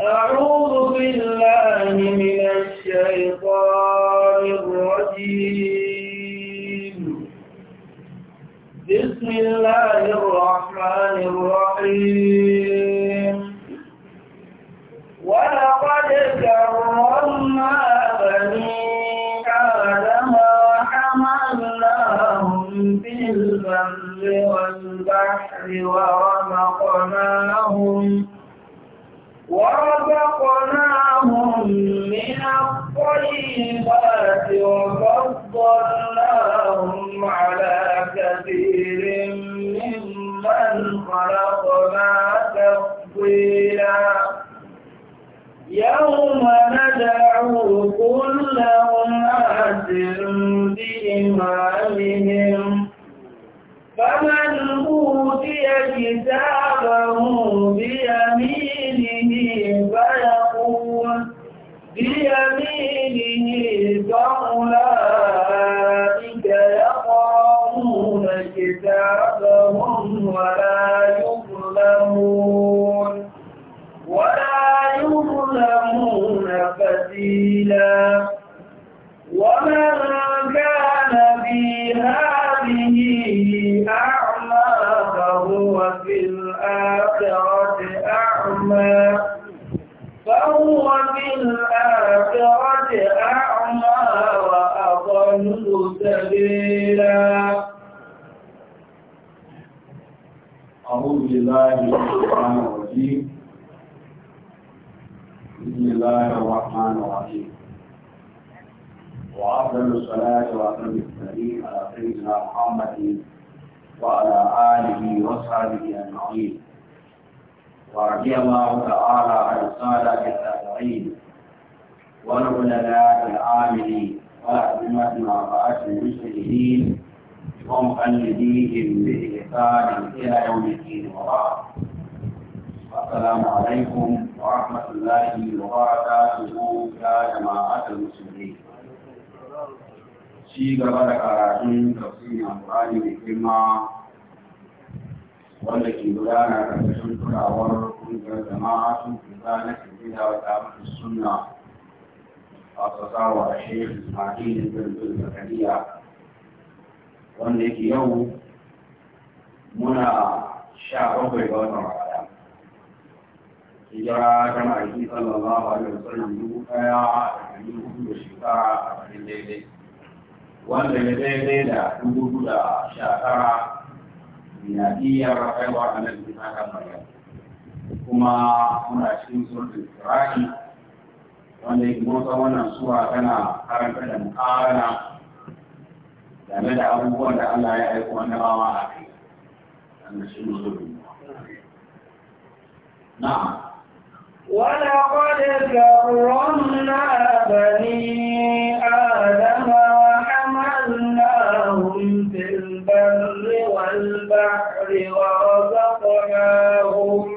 أعوذ بالله من الشيطان الرجيم بسم الله الرحمن الرحيم ولقد كرمنا بني آدم وحملناهم في البر والبحر ورزقناهم ورزقناهم من الطيبات وفضلناهم على كثير ممن خلقنا تفضيلا يوم ندعو كل أناس بإمامهم فمن أوتي كتابه بيمينه بيمينه فأولئك يقرؤون كتابهم ولا يظلمون ولا يظلمون فتيلا ومن كان في هذه أعمى فهو في الآخرة أعمى وهو بالآخرة أعمى وأضل سبيلا أعوذ بالله من الشيطان الرجيم بسم الله الرحمن الرحيم وأفضل الصلاة وأتم على سيدنا محمد وعلى آله وصحبه أجمعين ورضي الله تعالى عن السادة التابعين والعلماء العاملين والأئمة وأربعة المسلمين ومقلديهم بإحسان إلى يوم الدين وبعد السلام عليكم ورحمة الله وبركاته يا جماعة المسلمين شيء قبل كراهين تفسير القرآن الكريم wanda ke gudana a ƙarƙashin kulawar ƙungiyar jama'a sun fi zane su gida wa tsarin suna a fasawa a shehu ismail bin zakariya wanda yake yau muna sha bakwai ga watan ramadan hijira ta ma'aiki sallallahu alaihi wasallam dubu ɗaya da ɗari hudu da shekara a daidai wanda ya daidai da dubu da sha tara na iya rayuwa a nan bisa kan maryam kuma muna cikin surtul firashi wanda yake motsa wannan suwa tana karanta da mukarana game da abubuwan da Allah ya aiko wanda ba wa a kai wanda shi ne surtul na'am ولقد كرمنا بني آدم البر والبحر ورزقناهم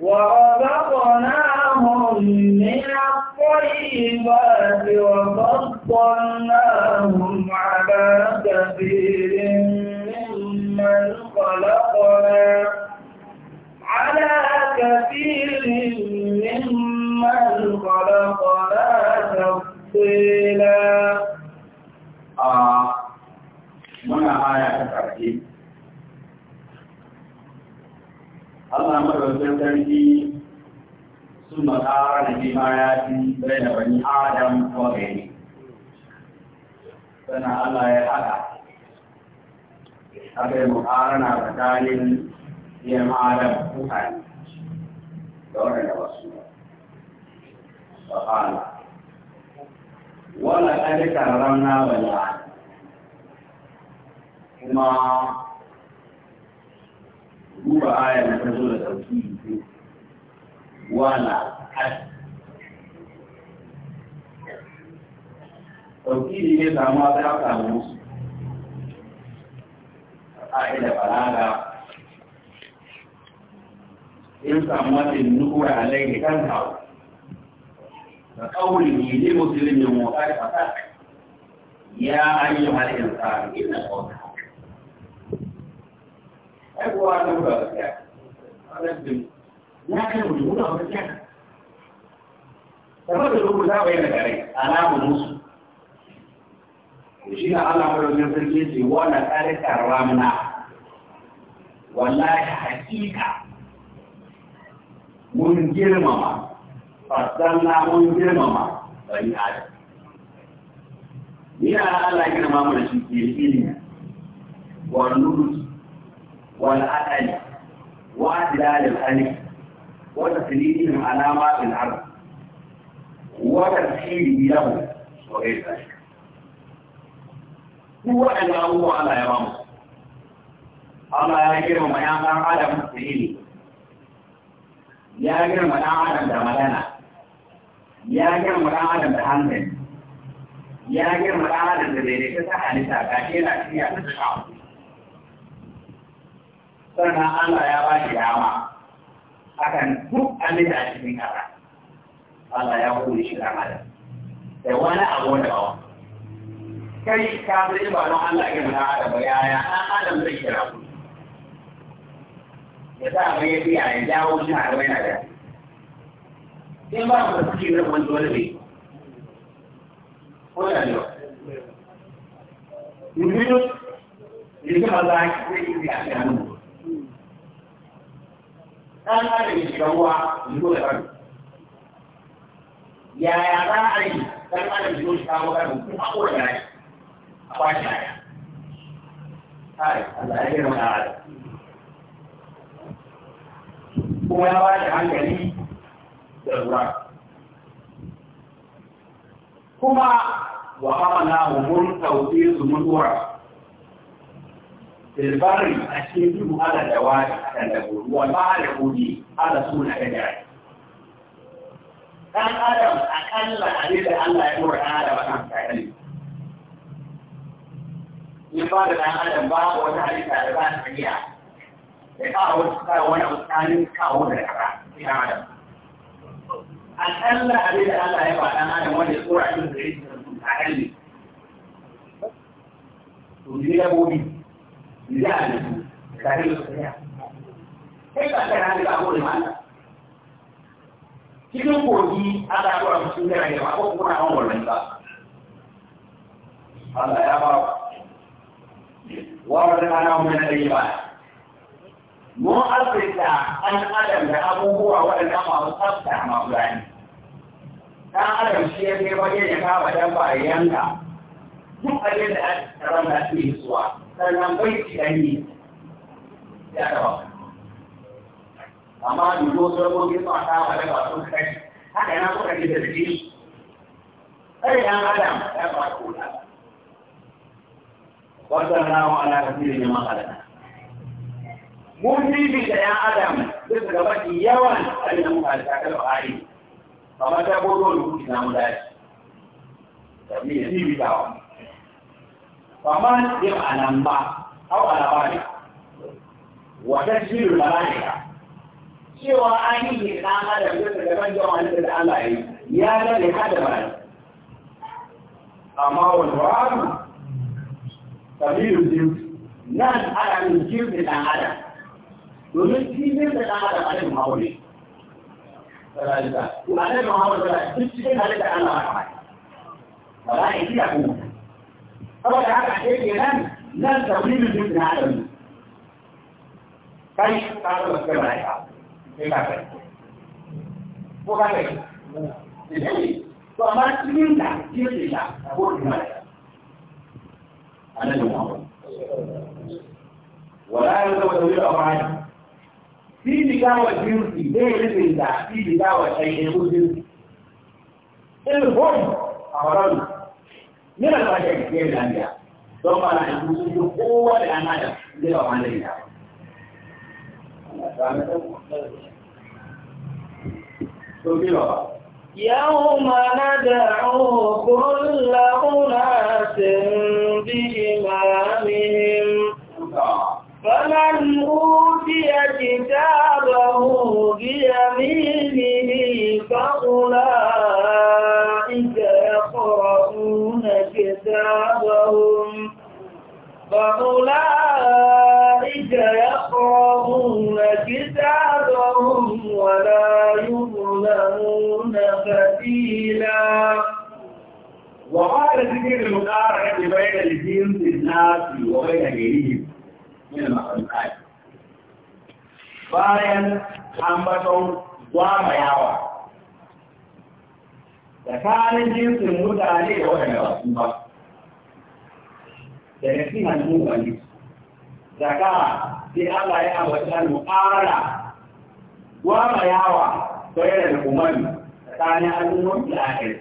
ورزقناهم من الطيبات وفضلناهم على كثير ممن خلقنا على كثير ممن خلقنا تفصيلا muna haya ta ƙarfi Allah madaukakin sarki sun makara da bi ayati bai da bani adam wa gani sana Allah ya haɗa aka yi na tsakanin yan adam mutane da ne ba su ba. Ba ƙala, wala ƙarfi karramna bani adam. kuma duba ayar ta zo da ɗauki wala had ɗauki ne samu a ta samu musu a ƙa'ida balaga in samu wata nukura alaihi kan hau da ƙaurin ne musulmin wata da fata ya ayyuhar insani ina ƙaunar أبوا أنا بقى أنا بدي لكن وجود هذا كان فما تقول لا وين كاري أنا منص وشينا الله مرة من سلكي وانا كاري كرامنا والله حقيقة من جرمما فضلنا من جرمما بني آدم ni a Allah ya gina mamu da shi ke ilimi wa nuru والعقل وادلال الخلق وتسليم علامات العرض وتسهيله له وغير ذلك هو ان هو على يرام الله يا غير ما يا ادم سهيلي يا غير ما ادم دمانا يا غير ما ادم دهانين يا غير ما ادم دهانين يا غير ما ادم دهانين يا غير ما ادم دهانين sannan Allah ya ba shi dama akan duk abin da a cikin ƙasa Allah ya kore shi da mada da wani abu da ba kai ka zai ba don Allah ya muna adam ba yaya an adam zai kira ku ya sa mai ya biya ya jawo shi a gaba yana da in ba mu da suke zai wani dole ne ko da ne Yuhidu, yuhidu Allah ya kira shi a cikin hannu. ɗan adam ya shiga ruwa ya zo da ƙarfi yaya za a yi ɗan adam ya zo shi kawo ƙarfi kuma ko da rai a kwashe yaya kai Allah ya girma da adam kuma ya ba da hankali da lura kuma wa hamala mun tauke su mun dora البري أشيدهم على الدوار على الدبور والبعر يقولي على سنة كجاري كان آدم أقل أريد أن لا يمر آدم كان فعلي يبقى أن آدم باب وتعريف أدبان حقيقة يقعوا وانا أستاني كعود الحقا في آدم أقل أريد أن لا يمر آدم وانا يقول أن ذلك أحلي تجيب أبو بيه لجانب تاريخ كيف كان هذا أقول ماذا؟ cikin kogi aka tura su cikin jirage ba ko kuna an wannan ba Allah ya ba wa wannan ana mun da yi ba mu alfita an adam da abubuwa waɗanda masu tsafta masu gani dan adam shi ya kai baje ya kawo dan ba yanka duk abin da aka ranta shi suwa sannan bai ci ɗari ya taɓa amma dubo sarkokin mata ba daga wasu kashi haka na kuka ji shi. sai ɗan adam ya ba ku da wannan rawa ala kafin ne makalata mun bibi da ɗan adam duk da mafi yawan ɗan makalata kan ba'ari kamar ta bodo da kuɗi na mu dace da ne bibi da wani فما يقدم على ما أو على ذلك وتسجيل الملائكة سوى أنه لا أحد يقدر من جمع الله يا ذا لحد أما والرام سبيل الجنس نان على من جنس الأعلى ومن جنس الأعلى على المعولي وعلى المعولي فلا تسجيل هذا الأعلى ولا يجي أقول طبعا هذا عشان ينام لن تقليل الجزء العالمي طيب تعالوا نتكلم عن هذا ايه بقى وقال ايه فما تمين ده كيف ده اقول ما انا جمهور ولا يزوج الافعال في دعوة جنسي غير ده في دعوة شيء يقول جنسي إيه الهم أمرنا ni ba ba ke da ni don ba na yi sun yi kowa da ana da zai ba ma da ni ba to bi ba يوم ندعو كل أناس بإمامهم فمن أوتي كتابه بيمينه فأولئك كتابهم فأولئك يقرؤون كتابهم ولا يظلمون فتيلا وقال ذكر المقارنة بين في الناس وبين غيرهم من المخلوقات bayan وما gwamayawa tsakanin jinsin mutane da waɗanda ba su ba da ya fi hannun wani daga sai Allah ya ambata mu'amala gwama yawa bayan da umari tsakanin al'ummar da akhir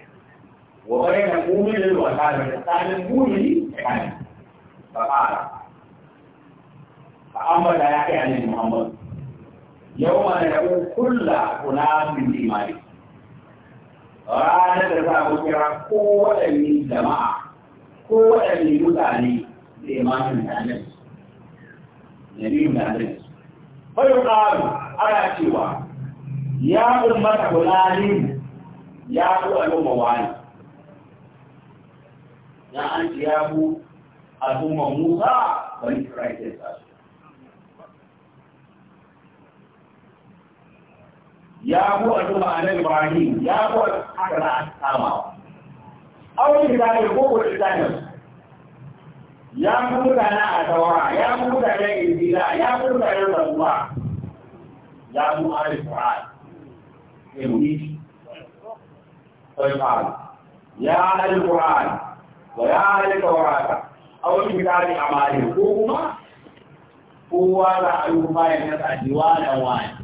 wa bayan da mu'minin wa kafir tsakanin mu'mini da kafir ba fara fa ambata ya kai annabi Muhammad yawma yaqul kullu unafin imani ranar da za mu kira kowaɗanne jama'a kowaɗanne mutane da imanin nanin nabiyin nanin bayan ƙaru ana cewa ya ummata fulani ya ku al'umma wani na an ce ya ku al'umma musa wani kira ke sa ya ku al'umma annabi Ibrahim ya ku haka za a kama aure da dai ko ko tsakanin ya ku mutane a tawara ya ku mutane injila ya ku mutane rabuwa ya ku ahli Qur'an sai mu yi sai fa ya ahli Qur'an wa ya ahli Tawrata aure da dai amali ko kuma kowa za a yi bayan ya sa diwanan wani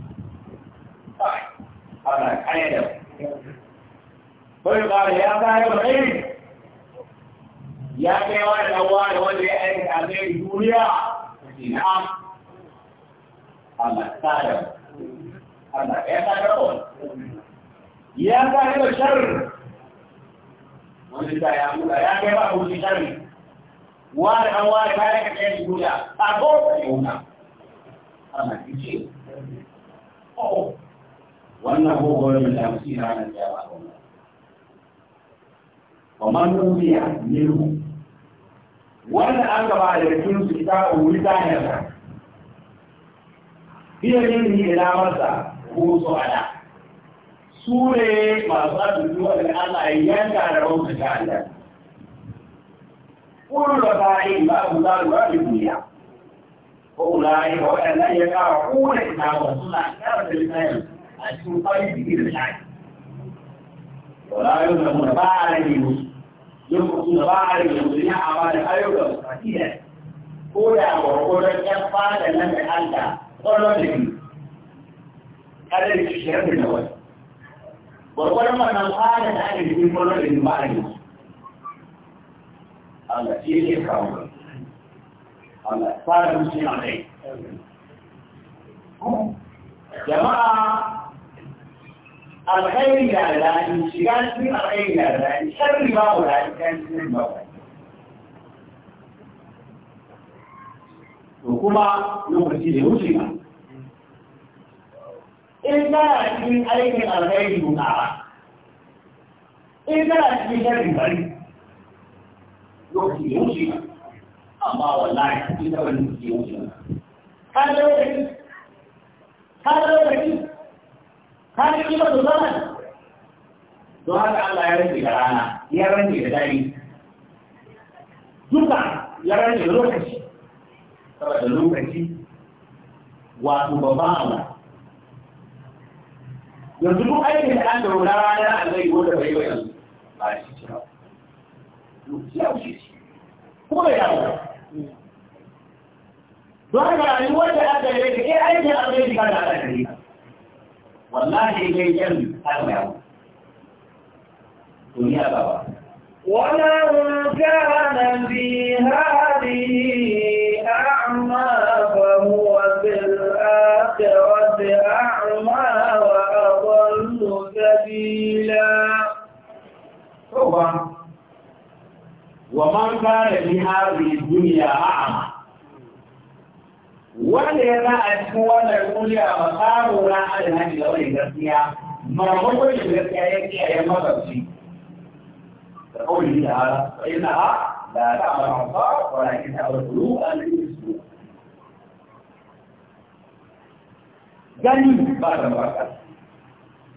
Allah kaya da bai ba ya bayar rai ya kai wa da wa da wanda ya aika a zai duniya ina Allah kaya Allah ya kaya da ya kaya da sharri wani da ya muka ya kai ba ku sharri wa da wa da kaya da duniya a ko ya wuta Allah kici oh wannan hukawar mai damsi ranar kyawa wa man biya minhu wanda an gaba da cikin su ita wuri ta yarda biya yin ni da marsa ko so ala su ne masu arziki wanda Allah ya yanka da rauta ga Allah kullu ra'ayin ba mu da ra'ayi duniya ko ulai wa annan ya ka kuna ita wa suna kar da tsayin a cikin ƙauyen da ke da bilani wala yau da mu da ba a rage musu lokacin da ba a rage musu ya a ba da ayyukan su fasiya ko da gwargwaron ƴan fada nan da Allah ƙwarar da ni kada da shirin da nawai gwargwaron wannan fada da ake cikin ƙwarar da ni ba a rage musu Allah shi yake kawo Allah fara musu yana dai jama'a الخير يا لاني شغال في الخير يا لاني شر ما هو لاني كان في الموت وكما نمرتي لوجهنا إذا من عليك الخير منعا إذا من شر بريء نمرتي لوجهنا أما والله إذا نمرتي لوجهنا هذا هو هذا هو هذه قيمة الزمن وهذا الله يرجع لنا يرجع لداري duka ya rage lokaci saboda lokaci wato babban abu yanzu duk aikin da an daura ranar allai wanda bai bai yanzu ba shi ce lokaci ya wuce shi ko bai dawo don haka rayuwar da aka yi da ke aikin allai da kada aka yi والله dai yan har ya duniya baba ولو كان في هذه أعمى فهو في الآخرة أعمى وأضل سبيلا ومن كان في هذه الدنيا أعمى wanda ya za a cikin wannan kuliya ba tsaro na alhaji da wani gaskiya maimakon shi gaskiya ya kiyaye mabarci da kawai da ala sai na ha da ta amara ba wala ki ta aure kulu an yi su gani ba da barka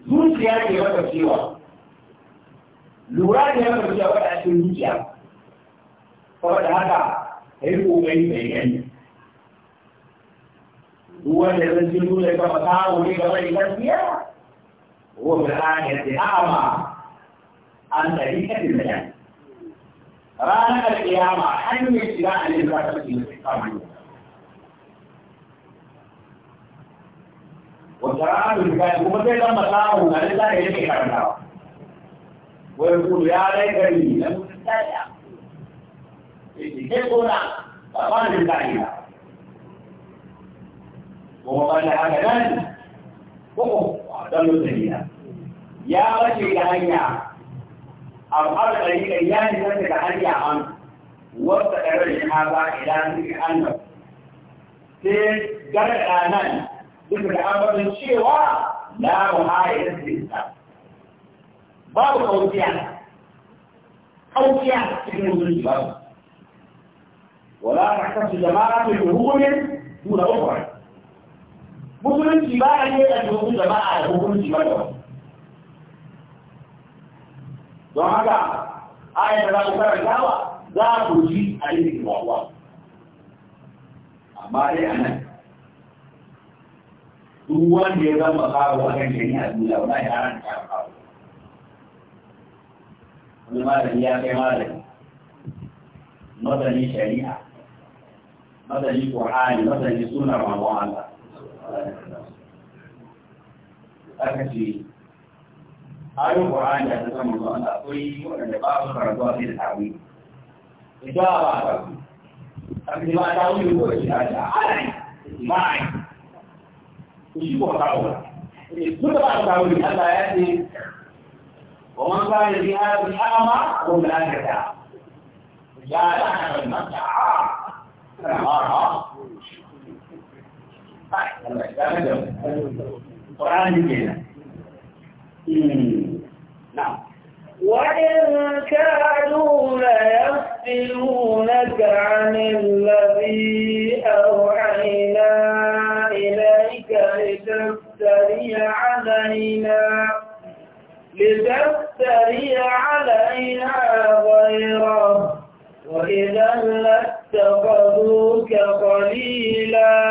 zuciya ne maka cewa lura ne maka cewa wadda ake zuciya saboda haka kai kokari mai gani wanda zan ji nuna ga makawo ne ga mai gaskiya wa bi ayati a'ma an dari kadin da ranar kiyama hanyar shiga a ne za ta cikin kamar wata ranar da kai kuma zai zama samu na da za ka yi karantawa wani kudu ya rai gari na mutum ta yi a ke kona ba ba da ta yi ba وقال عملان وقف أعدل الدنيا يا رجل هيا أظهر طريق أيام نفسك هيا عنه واستقر الإمامة إلى ذلك أنه في جرد آنان ذكر أمر الشيوى لا محاية الإسلام باب الأوتيان أوتيان تكون الظلم ولا تحتاج جماعة بحروب دون أخرى musulunci ba a yi a domin jama'a da hukunci ba da don haka ayat da za ku karantawa za ku ji a yi da wawa amma dai a nan duk wanda ya zama kawo a kan shari'a duniya wani ya ran ta kawo wani malami ya kai malami mazanin shari'a mazanin ƙwa'ani mazanin sunar mabu'an Allah aka ce ayon ƙwararri da ta samu zuwa da akwai waɗanda ba su karatu a cikin tawi idan ba a karatu aka ce ba a tawo ne ko da shi a ce a halaye ba a yi ku shi ko kawo ba duk da ba a tawo ne allah ya ce wa man ba ya biya bi ama ko da aka ta ya da aka ta a kana ba نعم وإن كانوا ليفتنونك عن الذي أوحينا إليك لتفتري علينا لتفتري علينا غيره وإذا لاتخذوك قليلا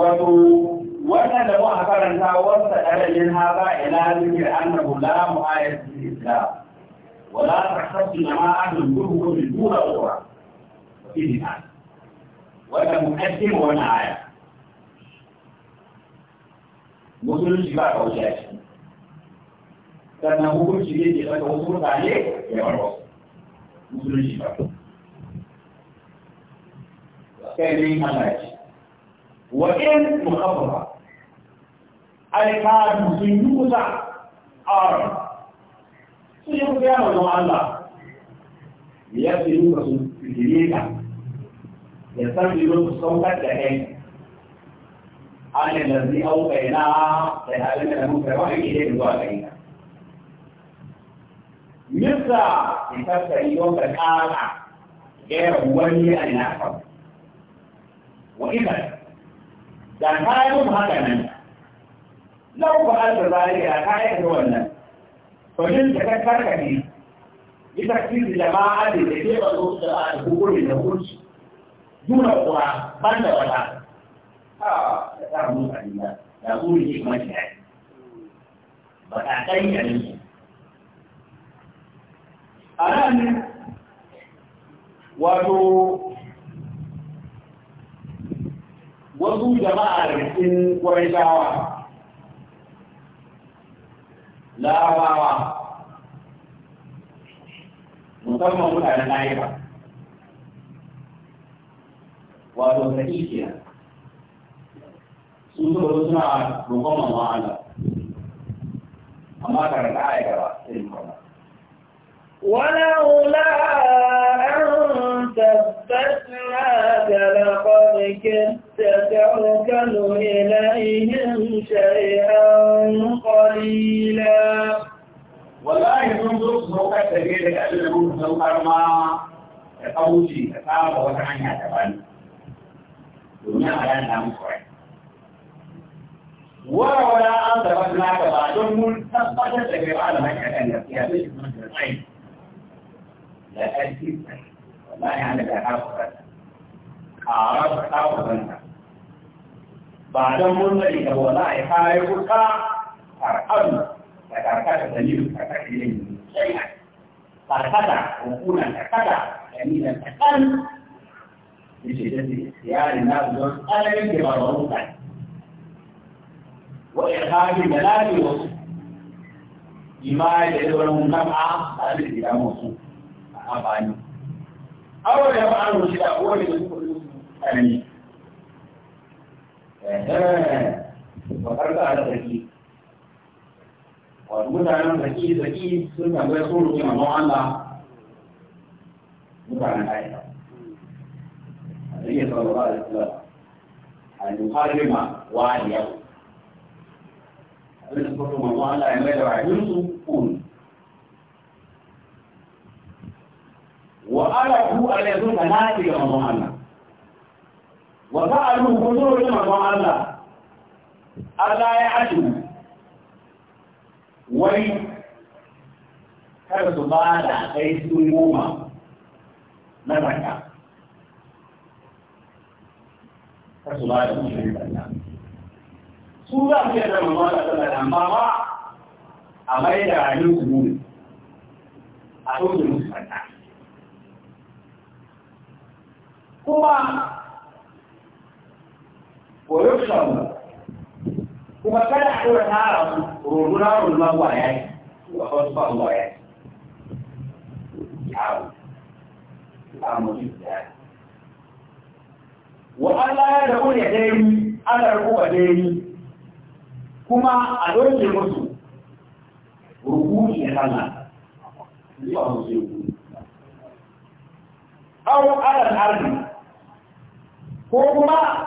wato wannan da muka wasa ɗarajin haza ila zikir annahu la mu'ayyad fil islam wa la tahsabu jama'atun turhu bi dura ukhra fi wanda muqaddim wannan aya musulunci ba kauce shi sannan hukunci ne ke daga wasu mutane ya bar musulunci ba kai ne Allah ya وإن مخففة أي كاد سيوسع آر سيوسع يا رب الله ليبدو سيوسع يستمدلون الصوت لكي أنا الذي أوقينا فهذا له كرامة إليه الوالدين مثل يفسر يوم الآخر غير ولي أن يحفظ وإذا da kayan haka nan lau ba alfa zari da kayan da wannan fashin ta karkarka ne ita kiri jama'a da ke ba zo da a hukumin da hukunci nuna kuwa ban da wata ha da ta mun kalila da kuri ne kuma shi ba ta kai da ni a nan wato wasu jama'a cikin ƙwarishawa larabawa musamman mutanen na'iba wato sa'ikiya sun zuba suna roƙon mamman amma karanta a gaba sai kuma ولولا أن ثبتناك لقد كنت تتوكل إليهم شيئا قليلا والله ينظر سوكا تجير أجل من سوكر تقوشي تقاب وتعنى تبان دنيا على نام سوكر وروى أن تبناك بعدهم تبقى تجير على مكة أن يبقى لا أجيب والله أنا لا أعرف أعرف ba don mun sani da wallahi ka yi kuka karkatu da karkata da yin karkata yin shari'a karkata hukunan karkata da nilan kasan da ce da siyarin na don tsananin da ba wa mutane wa irhamin da lafi wasu imani da yawon nab'a a da gida musu a amfani. Awon da ba'an rushe da kowane da suka rushe tsanani وأربعة ذكي ومتعنا ذكي ذكي سنة ويصول كما نوع الله متعنا عائلة النبي صلى الله عليه وسلم أن يحرم واليه أن يذكر من الله لا يميل وعجوز كون وأره أن يكون ناتج من الله wa fa'alu kuzuru da manzon Allah Allah ya ashi wai kar su ba da kai sun goma na zakka kar su ba da mutum zakka su za su yi da manzon Allah sallallahu alaihi wasallam a mai da hannun su ne a tsohon musu zakka kuma ويخشون kuma kada a ɗora tara su roruna roruna zuwa ya yi zuwa wasu ba zuwa ya yi yawo a mutu da ya wa Allah ya da ya dairi ana rukuwa dairi kuma a ya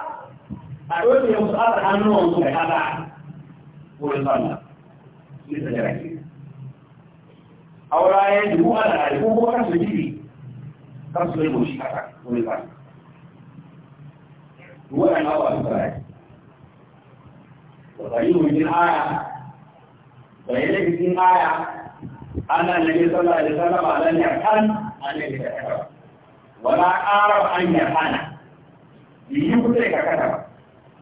yi a dole ya musu aka hannuwan su da kaza wurin sallah sai da jirage aura ya yi dubu ala da ko kuma kansu jiri kansu yi goshi kasa wurin sallah wannan abu a su tsara wa tsari wajen aya da ya daga cikin aya ana nabi sallallahu alaihi wasallam alan yakan annabi da wala arab an yakana yi kusa ka kada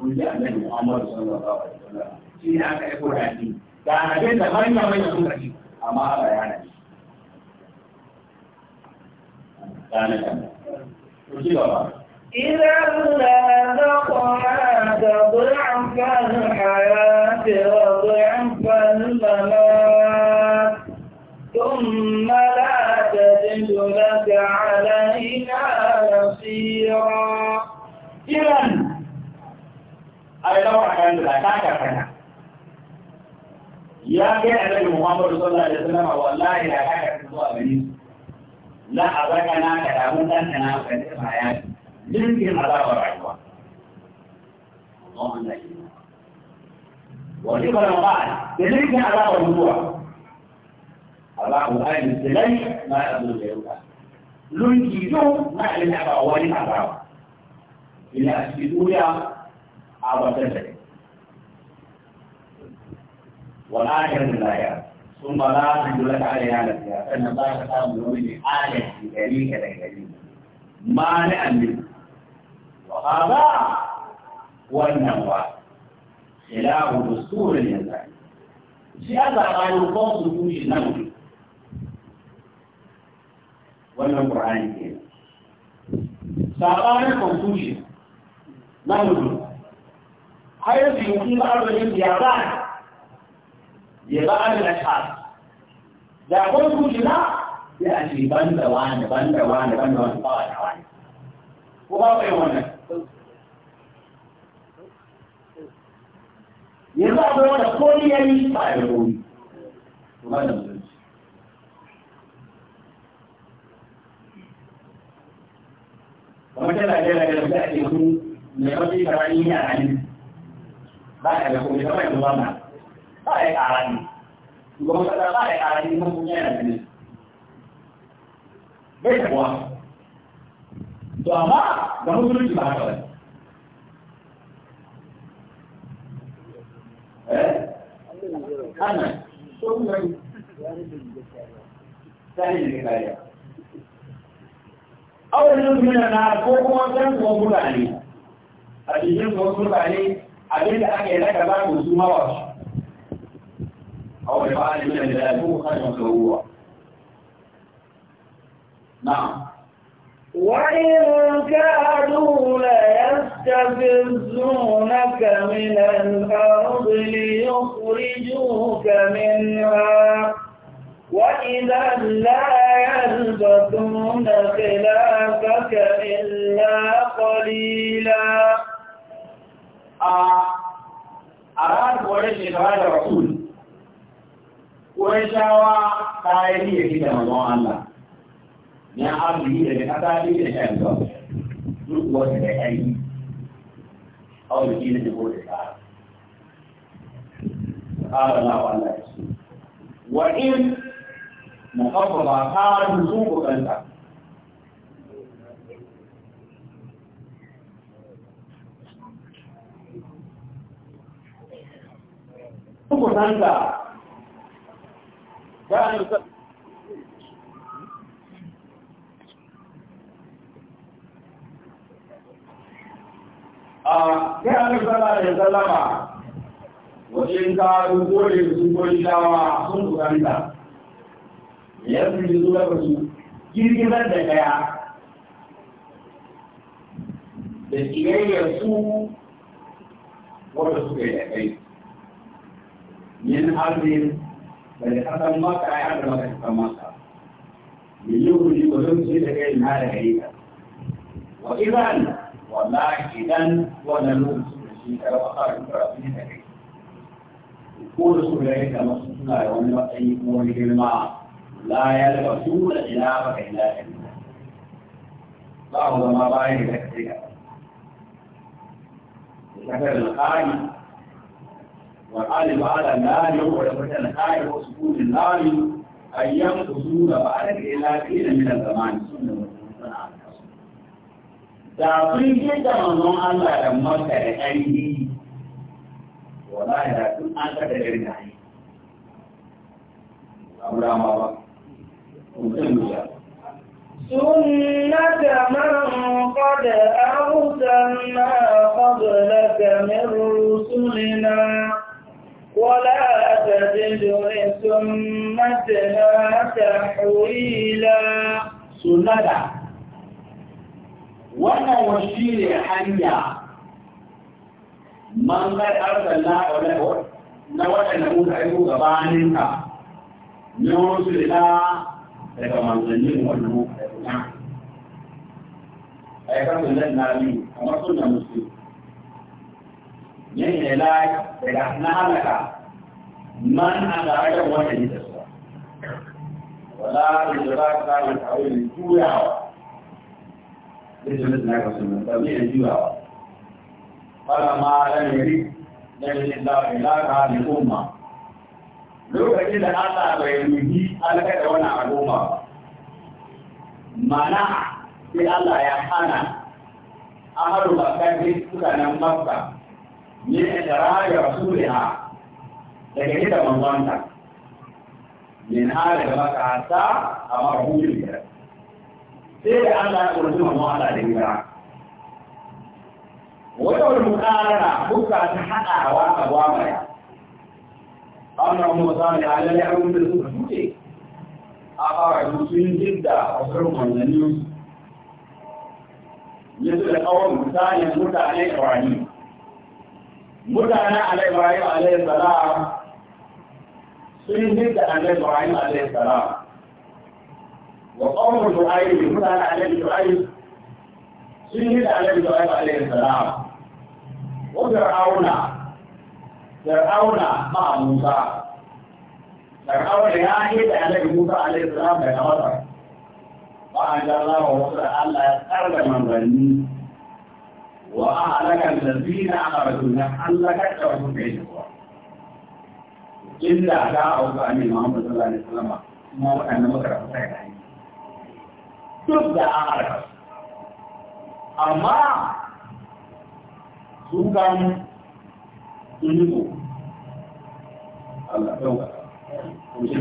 kun ji annabi Muhammad sallallahu alaihi wasallam shi ne aka aiko da shi da annabi da manya manya sun kashi amma Allah ya nace kana kana to ci gaba إذا لذقناك ضعف الحياة وضعف الممات ثم لا تجد لك علينا نصيرا إذا alawa kan da ta ka kana ya ga annabi Muhammad sallallahu alaihi wasallam wallahi da ka ka zuwa gani la abakana ka da mun dan kana ka da baya dinkin azabar rayuwa Allah ne wani bara ba da dinkin azabar mutuwa Allah ku ayi misalai ma abu da yau lunki zo na ilmi ba wani azawa ila asbiya ولكن والآخر الآيات ثم لا تجد لك عليها نفسها فإن الله تعالى من آية كريمة كريمة مانع منه وهذا هو النوى خلاف دستور الإنسان سياسة قالوا قوس نقول النوى ولا القرآن كريم سابقا قوس نقول حيث يقيم أرض اليابان يابان الأشخاص da akwai kujina ya a ce ban da wani ban da wani ban da wani ba wani wani ko ba kai wannan yanzu akwai wanda koli ya yi ba ya koli kuma da mutunci kuma tana da yana da mutunci mai mafi karani ne a hannun ba ya da kuma kamar yanzu wannan ba ya ƙara ne shugaban kasa ba ya ƙara ne mun kunya yana ganin bai tabuwa to amma ga musulunci ba haka ba Ana, so kuma yi. Tare da kariya. Aure ne kuma na ko kuma san ko burane. A cikin ko burane abin da ake na gaba da su mawa shi a wani ba a yi da ya fi kashin karuwa na وإن كادوا ليستفزونك من الأرض ليخرجوك منها وإذا لا يلبثون خلافك إلا قليلاً a ranar koren shekara da rasul shawa ta yi niyyar gida mazan Allah ya arziki daga ƙasa ne da shan zuwa duk wata da ya yi aure shi na jiko da tsara tsara na Allah ya ce wa in na kafa ba ta zuwa kanta ku santa a kai an da zalama wajen ka rubo da su goyi dawa sun kusanta ya fi yi zuwa ba su girgizar da kaya da kiyayyar su wanda suka yi da kai من أرض فلحسب مكة عرض مكة مكة ليخرج ولم تلك النار هيئة وإذا والله إذا ولم تشيك وأخرج في هيئة يقول سبحانه الله أن يقول بالماء لا يلبسون خلافك إلا كلمة بعض ما باين لك ذكر والآل بعد لا يقول من الحائل وسكون اللام أن ينقصوا بعدك إلى قيل من الزمان سنة da sun ce da manzon Allah da maka da ƙarfi wallahi da sun an kada da rika ne abura ma ba mutum ya سنة من قد أرسلنا قبلك من رسلنا ولا تجد لسمتنا تحويلا سنة وانا وشير حنيا من قد أرسل الله عليه نوات نقول عيبه غبانينك نوصل الله لك من ظنين ونمو أيها الناس نعلم كما كنا مسلمين من علاج بجحنا لك من أدرك وجهي تسوى ولا إدراك لا يتحول الجوع ليس مثل هذا السنة تبين الجوع فلما لم يرد لم يجد الله علاج هذه الأمة lokacin da Allah bai ruhi alaka da wani al'umma ba mana sai Allah ya hana ahalu bakar suka nan makka من إدراج رسولها لكن هذا من ظنك من هذا ما كعسى أمره بالكلام sai Allah ya ƙurji mamu Allah da gida. Wata wani mukarara buka ta haɗawa a gwamaya. Amma mu sa da halin ya abin da suka shuke. A fara su sun jidda a wurin manzanni. Yanzu da kawon misalin mutane Ibrahim. mutanen alaibrahim alaihi salam sun yi da alaibrahim alaihi salam wa ƙaunar shu'ayi mutanen alaihi shu'ayi sun yi da alaihi shu'ayi alaihi salam wa fir'auna fir'auna ma musa fir'auna ya yi da alaihi musa alaihi salam bai kamata ba an jarrawa wasu Allah ya tsarda manzanni wa a halakar da zina a barazunan Allah ka ta wasu kai da kuwa. Inda ga a wasu amin Muhammadu Sallallahu Alaihi Wasallama kuma waɗannan muka rafa sai da yi. Duk da a harka. Amma su kan yi ko Allah ɗauka. Kuma shi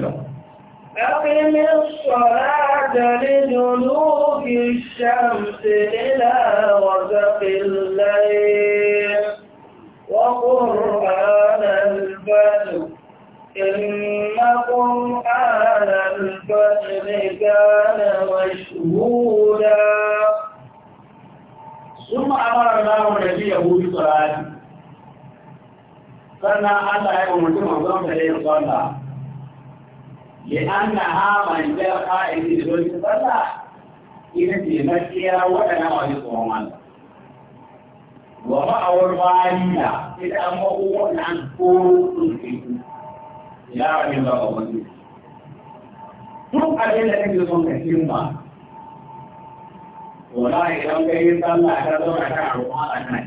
أقم الصلاة لدلوك الشمس إلى وزق الليل وقرآن الفجر إن قرآن الفجر كان مشهودا ثم أمر الله النبي يهود صلاته sannan Allah ya umarci الله sa da لأنها من جرى إلى دون صلى إذا تمشي ولا نعود قوما وما أوربانيا ko أما هو Ya تكون يا رب العالمين duk abin da ke son ka himma idan ka yi sallah ta zauna ka roƙa a nan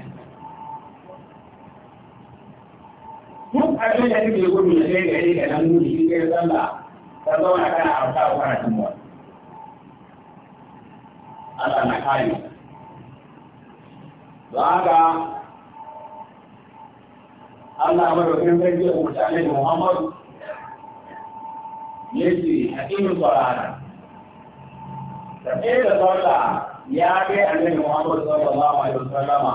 duk abin da ke gudu na kai gari da nan gudu shi sallah ka zauna kana abu ka kana cin wani Allah na kare mu don haka Allah madaukakin sarki ya kuka annabi Muhammadu da ɗaya da ya kai Muhammadu sallallahu alaihi wasallama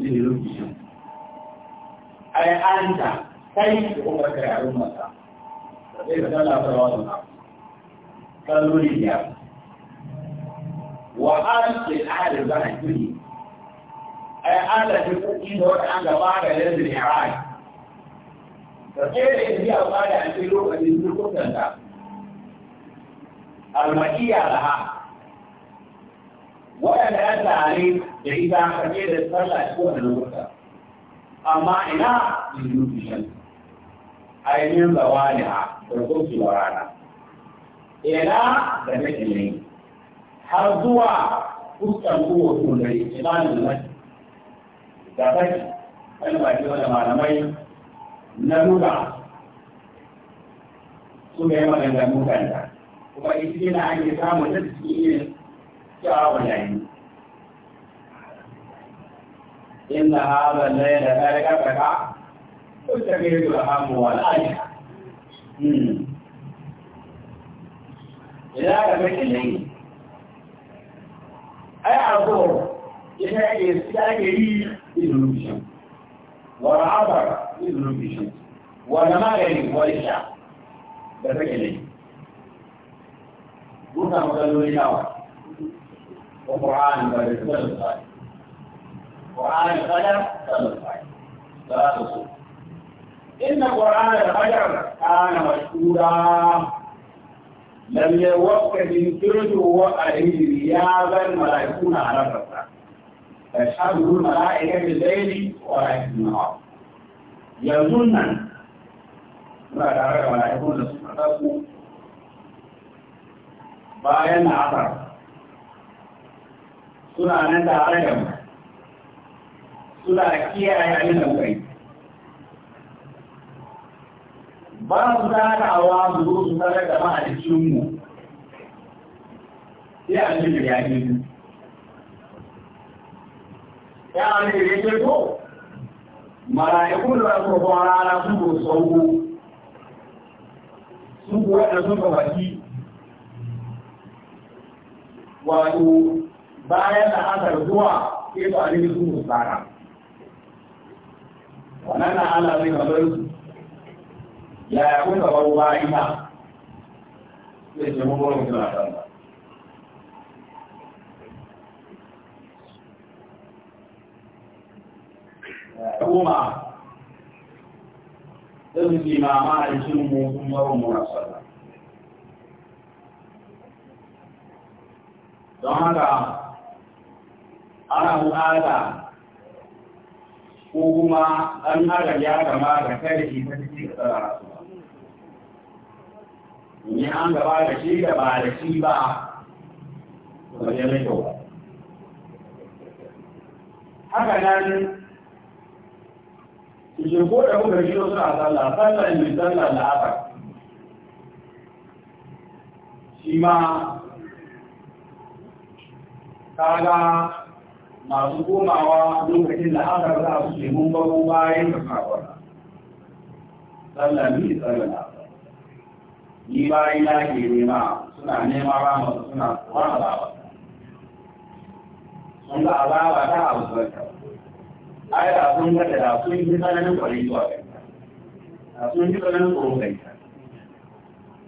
yin rufi ai anta kai da zai sallah ta wani kalloli biyar da ita kake da sallah ko da lokuta amma ina yin nufi shan ainihin zawali ha rukunci wa rana ila da nake ne har zuwa fuskan kowace mai imanin nasi da baki wani baki wani malamai na nuna su mai maganganu kanta kuma ita na ake samun da su yi cewa wani إن هذا الليل ذلك بكى قلت به الهم والآية ina ga mai ne ai abu ita ake sai ake yi izinin bishan wani abar izinin bishan wani magani wani sha da take ne duka matsaloli yawa wa ƙura'an ba da tsallar tsari ƙura'an tsallar tsallar tsari za su so إن القرآن الحجر كان مشكورا لم يوقف من هو أهل رياضا ملائكون على فترة تشهده الملائكة بالليل ولا النهار يظن ما تعرف ملائكون لسمعتكم bayan na asar suna nan tare da mu suna kiyaye abin da muka ba su takawa su zo su tare da mahalicinmu sai a cikin yaƙi su ya ne ya ce ko mala'iku da za su kwa rana su ko sauko su ko waɗanda sun kawaki wato bayan da asar zuwa sai su a cikin su tsara wannan na ala zai kamar su yaya kuka bar bayina zai ce mun bar mutum a kan ba goma ɗin limama a cikin mu sun bar mu na sallah don haka ana buƙata ko kuma ɗan adam ya kamata kada shi ta cikin tsara su Ni an gaba da shi da ba da shi ba ba zai mai kyau haka nan cikin ko da kuka shi wasu a sallah sallah ne sallah haka shi ma kaga masu komawa lokacin la'afar za su ce mun baro bayan da kakwar sallah mai sallah ni bayan na ke nema suna nema rama suna rama ba sun ga azaba ta a yi da sun gada da sun yi tsananin kwari zuwa ganta da sun yi tsananin tsoron ganta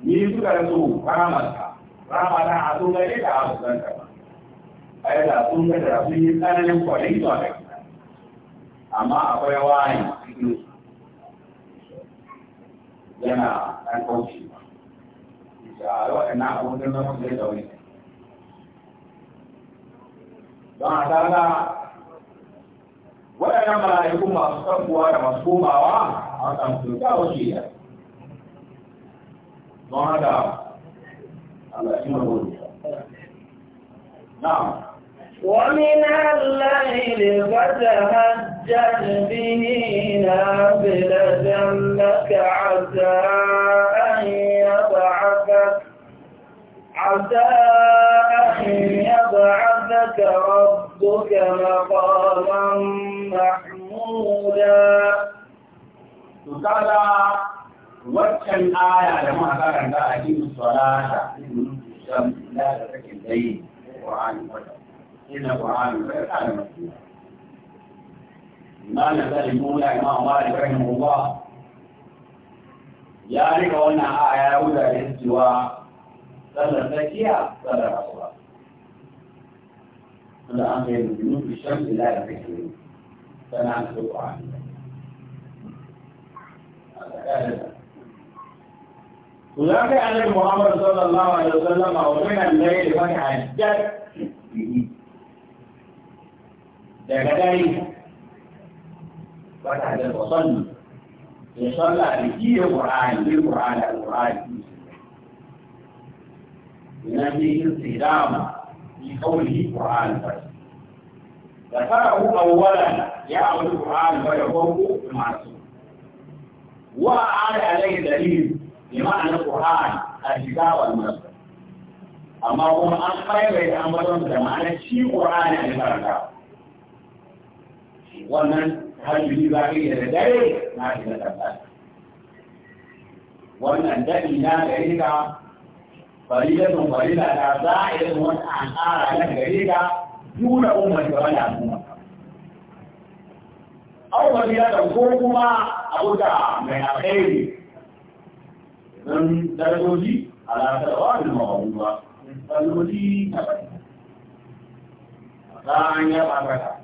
ni suka rasu ramarta rama ta a sun gare ta abubuwarta a yi da sun gada da sun yi tsananin kwari zuwa ganta amma akwai wani cikin yana ɗan ba. da waɗannan abubuwan na kuma da wani don a tana waɗannan mala'iku masu tsakuwa da masu komawa a wata mutunta wace ya don haka Allah shi mahudu na'am ومن الليل فتهجد به نافلة لك عسى أن يبقى عسى أن يبعثك ربك مقاما محمودا تقال وجهن آية لما قال عند أجيب الصلاة لم لا تتك الدين قرآن وجه إن قرآن وجه كان مكتوبا ما نزل المولى إمام مالك رحمه الله ya rika wannan aya ya wurare cewa sallar tsakiya sallar asuwa wanda an kai mutum fi shan ila da kake yi sana da su a Kula kai annabi Muhammad sallallahu alaihi wasallam wa min al-layl fa hajjat daga dare ba ta da wasanni ya sallah da kiye Qur'ani ne Qur'ani da Qur'ani ina ne yin sidama fi qawli ذكره أولا يعبد القرآن ويقوم بمعصيه وأعاد عليه دليل بمعنى القرآن الكتاب والمصدر أما هم أخير بيت بمعنى شيء قرآن الكتاب wannan kalbi ba kai da dare na shiga tsakani wannan daɗi na gare ka faridatun farida ta za a yi wani an ƙara na gare ka duna umar da wani al'umma aw faridatun ko kuma abu da mai alheri don darajoji alaƙarwa da mawaruwa darajoji na farida za a yi ya ɓangata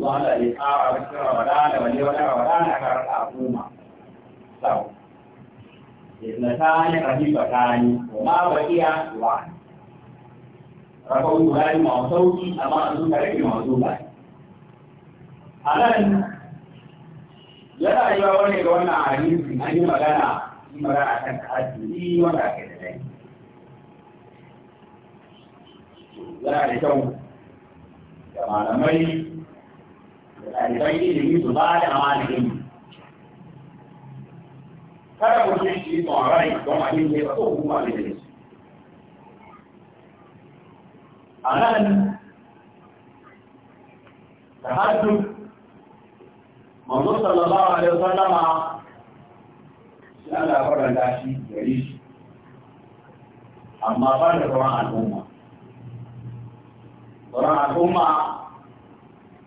wanda ya tsara wasu ramadana wani wani ramadana ka rasa goma sau na tani rahiba tani wa ma bakiya wa raka wuyu rani masu sauki amma an zuka rage masu ba a nan yana yi wa wani ga wannan hadisi an yi magana yi magana kan ta'addi wanda ake da dai yana da kyau da malamai ɗaliban ilimi su ba da amanin kada mutum shi son rai don abin da ya so kuma da su a nan da hajju manzo sallallahu alaihi wasallama shi Allah ya faranta shi gari shi amma ba da sauran al'umma sauran al'umma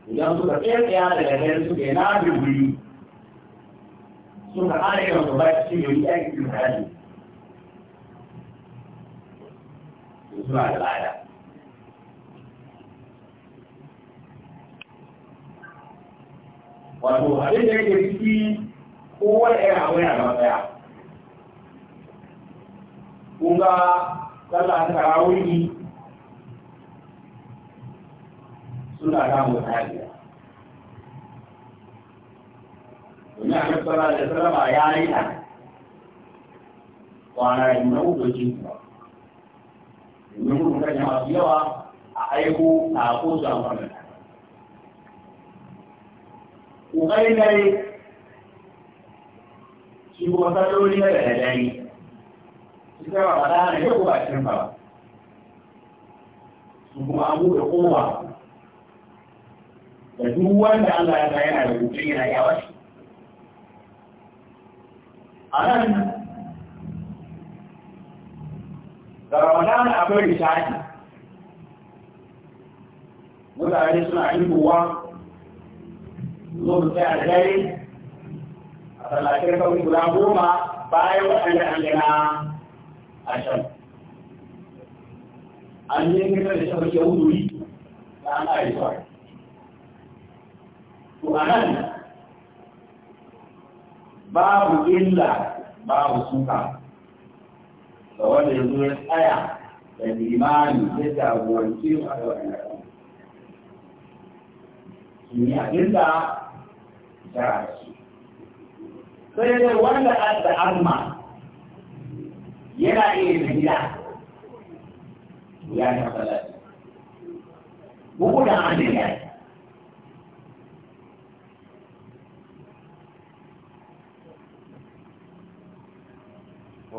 idan suka tsaya daga gari suke na duburi suka ƙara yawan su ba shi ne yi aiki da hali suna da lada wato abin da yake ciki kowa da yana abu yana da matsaya kun ga sallah ta rawuni 四大项目还有我们两个说到这这么压力呢，光农户最辛苦，农户种菜也好，地哟，啊，一股哪一股赚不了钱，我该，经过三周十度热天里，七八十度热天里也不白辛苦，不管五谷红啊。da duk wanda Allah ya yana da mutum yana yawa shi a nan da ramadan akwai rishadi mutane suna ilmuwa zo mu tsaya da dare a talatin kawai guda goma bayan waɗanda an gana a shan an yi kira da shafa ke wuri da an ƙari to a nan babu illa babu suka da wanda ya zo ya tsaya da limani ya jagoranci a yau a kimiyya illa shara shi sai dai wanda an da amma yana iya gida ya taɓa lafiya bugu da amina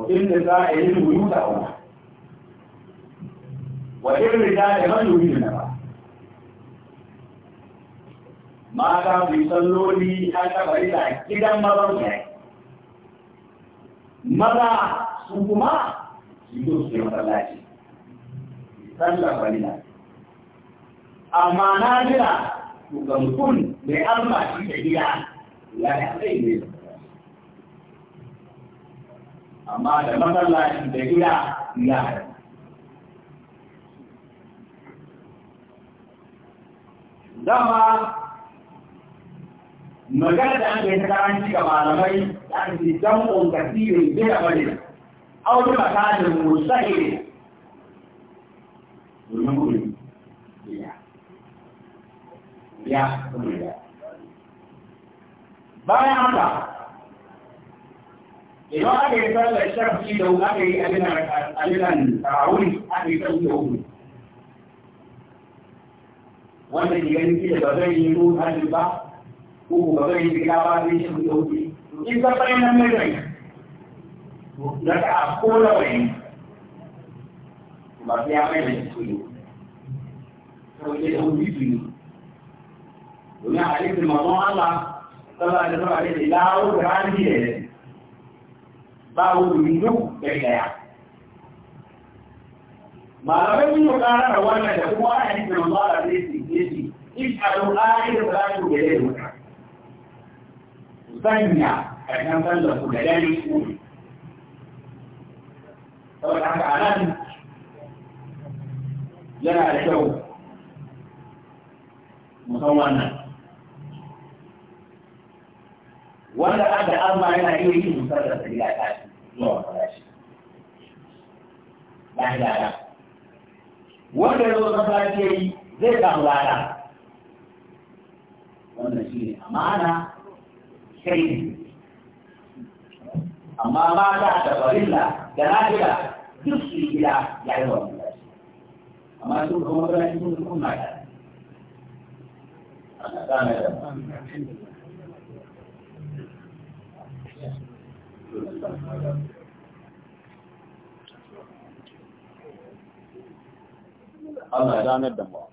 inda za a yi wuyu da auna wa irin da ya man yuri na ba mata mai salloli taba kabari da gidan mazan su maza su kuma su yi su yi masallaci sallar balila amma na jira to ga mutum mai alma shi da gida ya ne zai ne amma da masallaci da gida ya haɗu dama magana da aka yi ta karanci ga malamai da aka ce jam'un kasirin bai da bane auki makalin musahiri domin kuri ya ya kuma ya bayan haka idan aka yi sallar shafi da aka yi alilan tarawih aka yi sauki hudu wanda ke ganin shi da ba zai yi ruhu hajji ba ko ba zai yi gida ba zai shi da hudu in ka bayan nan mai rai da ka ko da wani ba sai ya mai da shi ne sauke da hudu su ne domin a halittar mazan Allah sallar da sallar da ila ruhu hajji da ya babu duk da daya malamai sun yi kara da wannan da kuma ana yi da mamara da yake yake in a zo ayi da ba su da yake mutu sanya a kan sallar ku da dani ku saboda haka anan yana da kyau musan wannan wanda aka amma yana iya yin musallar da ya tashi zuwa masallaci ba shi da wanda ya zo masallaci ya yi zai samu lada wannan shi ne amana kai amma mata da barilla da nafila duk su yi gida ya yi wa amma sun kuma masallaci sun kuma mata Allah ta mai da Allah ranar da mu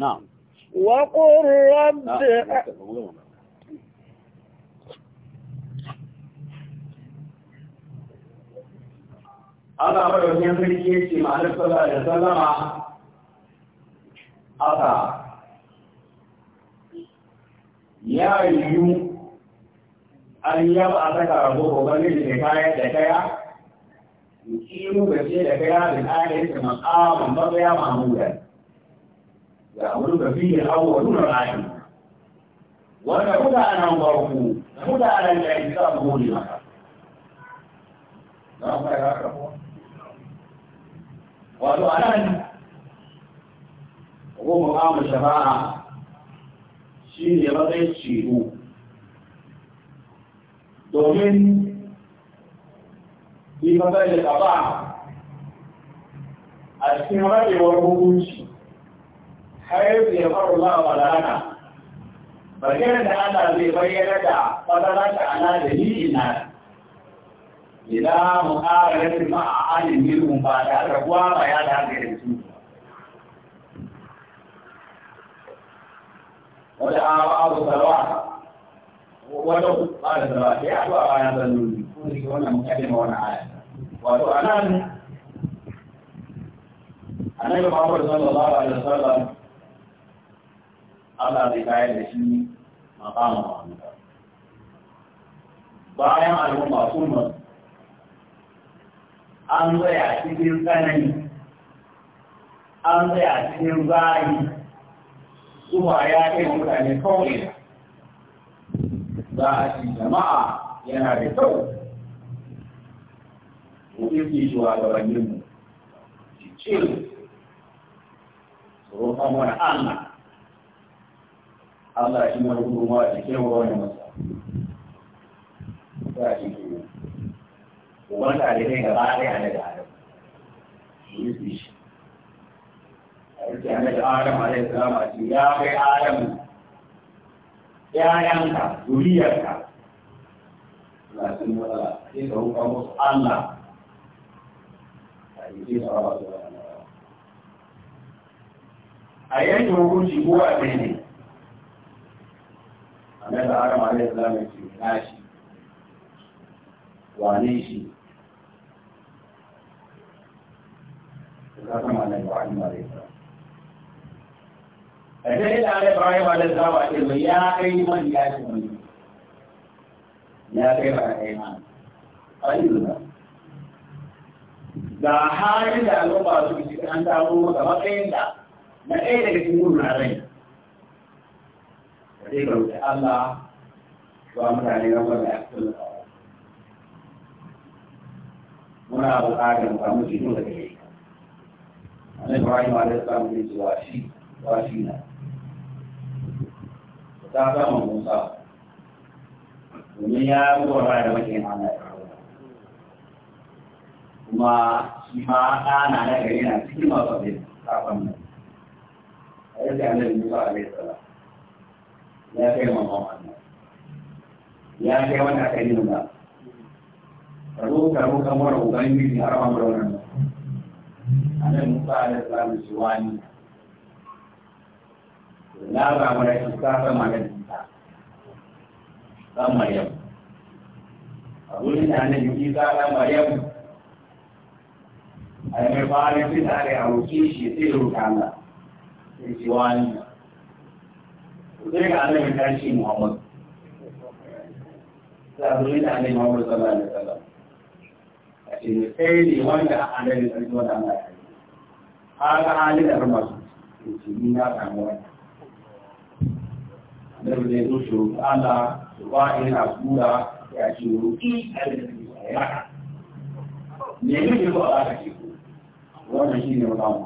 na'am wa qur rabb Allah ba da wani sarki yace ma Allah sallallahu alaihi wasallama aka ya yiwu an yaba a saka rabo ubangiji da kaya da kaya yukiru ga ce da kaya da kaya da makaman matsaya mamuda ga wani gafi da hawa nuna ra'ayi wanda kuka a nan barku kuka a nan da ya sa gode maka wato a nan ko mu shafa'a shi ne matsayin ceto domin yi matsayin da ba a cikin rabewar hukunci har yi ya faru ba a balana bayyana da ana zai bayyana da fadara ta ana da ni ina ila mu ƙara yadda ma a halin milhun ba da rabuwa ba ya da haka والآراء سواء ولو قال سواء يا أبو أنا ظنوني كوني وانا مكلمة وانا عارف ولو أنا النبي محمد صلى الله عليه وسلم Allah zai bayar da shi maqama mahmuda bayan al'umma sun an tsaya cikin tsanani an tsaya cikin zai 珠海呀，这现在的好一点。那是什么？原来是走。不是技术，要文明，是钱。所以他们也安了。他们那什么，不不不，是钱不够用嘛？对啊，是的。我们这里那个大爷，那个大爷，年纪小。yake annabi adam alaihi salam a ce ya kai adam ƴaƴanka zuriyarka na sun matsala sai ka roƙa musu Allah a yi sai ka raba su a yanke hukunci ko a kai ne annabi adam alaihi salam ya ce na shi wane shi ka san annabi adam alaihi salam a sai da ana bayan wa da zawa ce mai ya kai man ya ce mai ya kai ba kai man ayyuka ga halin da al'umma su ci an dawo maka matsayin da na ɗaya daga cikin gudu na rai sai ga wuce Allah ba mutane na wanda ya fi muna buƙatar samu cikin da ke yi. Annabi Ibrahim alaihi salam ne cewa shi wa shi na. ta kama musa domin ya zuwa raya da makin Allah ya kawo kuma shi ma ɗana na gari na cikin masu abin kafin nan a yadda annabi musa alaihi salam ya kai mamman wannan ya kai wanda aka yi nuna ka zo ka roƙa mara ubangiji a rama mara wannan annabi musa alaihi salam shi wani laba mara shi ta sama da nisa maryam a wurin da nan yi za a maryam a mai fara fi tare a roƙe shi sai roƙa Allah sai ce wani sai ga Allah mai tashi Muhammad sai wurin da nan Muhammad sallallahu alaihi wasallam a ce sai ne wanda a nan da Allah ya yi haka halin da masu ce ni na samu wannan lalle su ala wa'in asura ya ce ruki alƙiyaya ne ne ko ala ce wannan shine wannan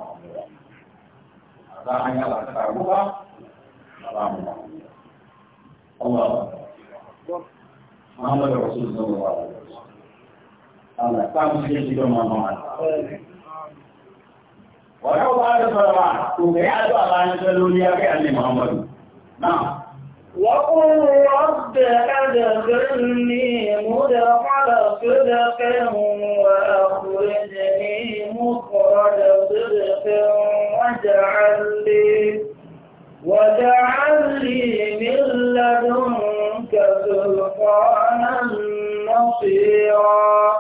za a yi ala ta karu ba ba mu ba Allah Muhammad Rasul sallallahu alaihi wasallam Allah ta mu ce shi ga mama wa yau ba da sallama to kai addu'a bayan salloli ya kai annabi Muhammad na'am وقل رب أدخلني مدخل صدق وأخرجني مخرج صدق واجعل لي واجعل لي من لدنك سلطانا نصيرا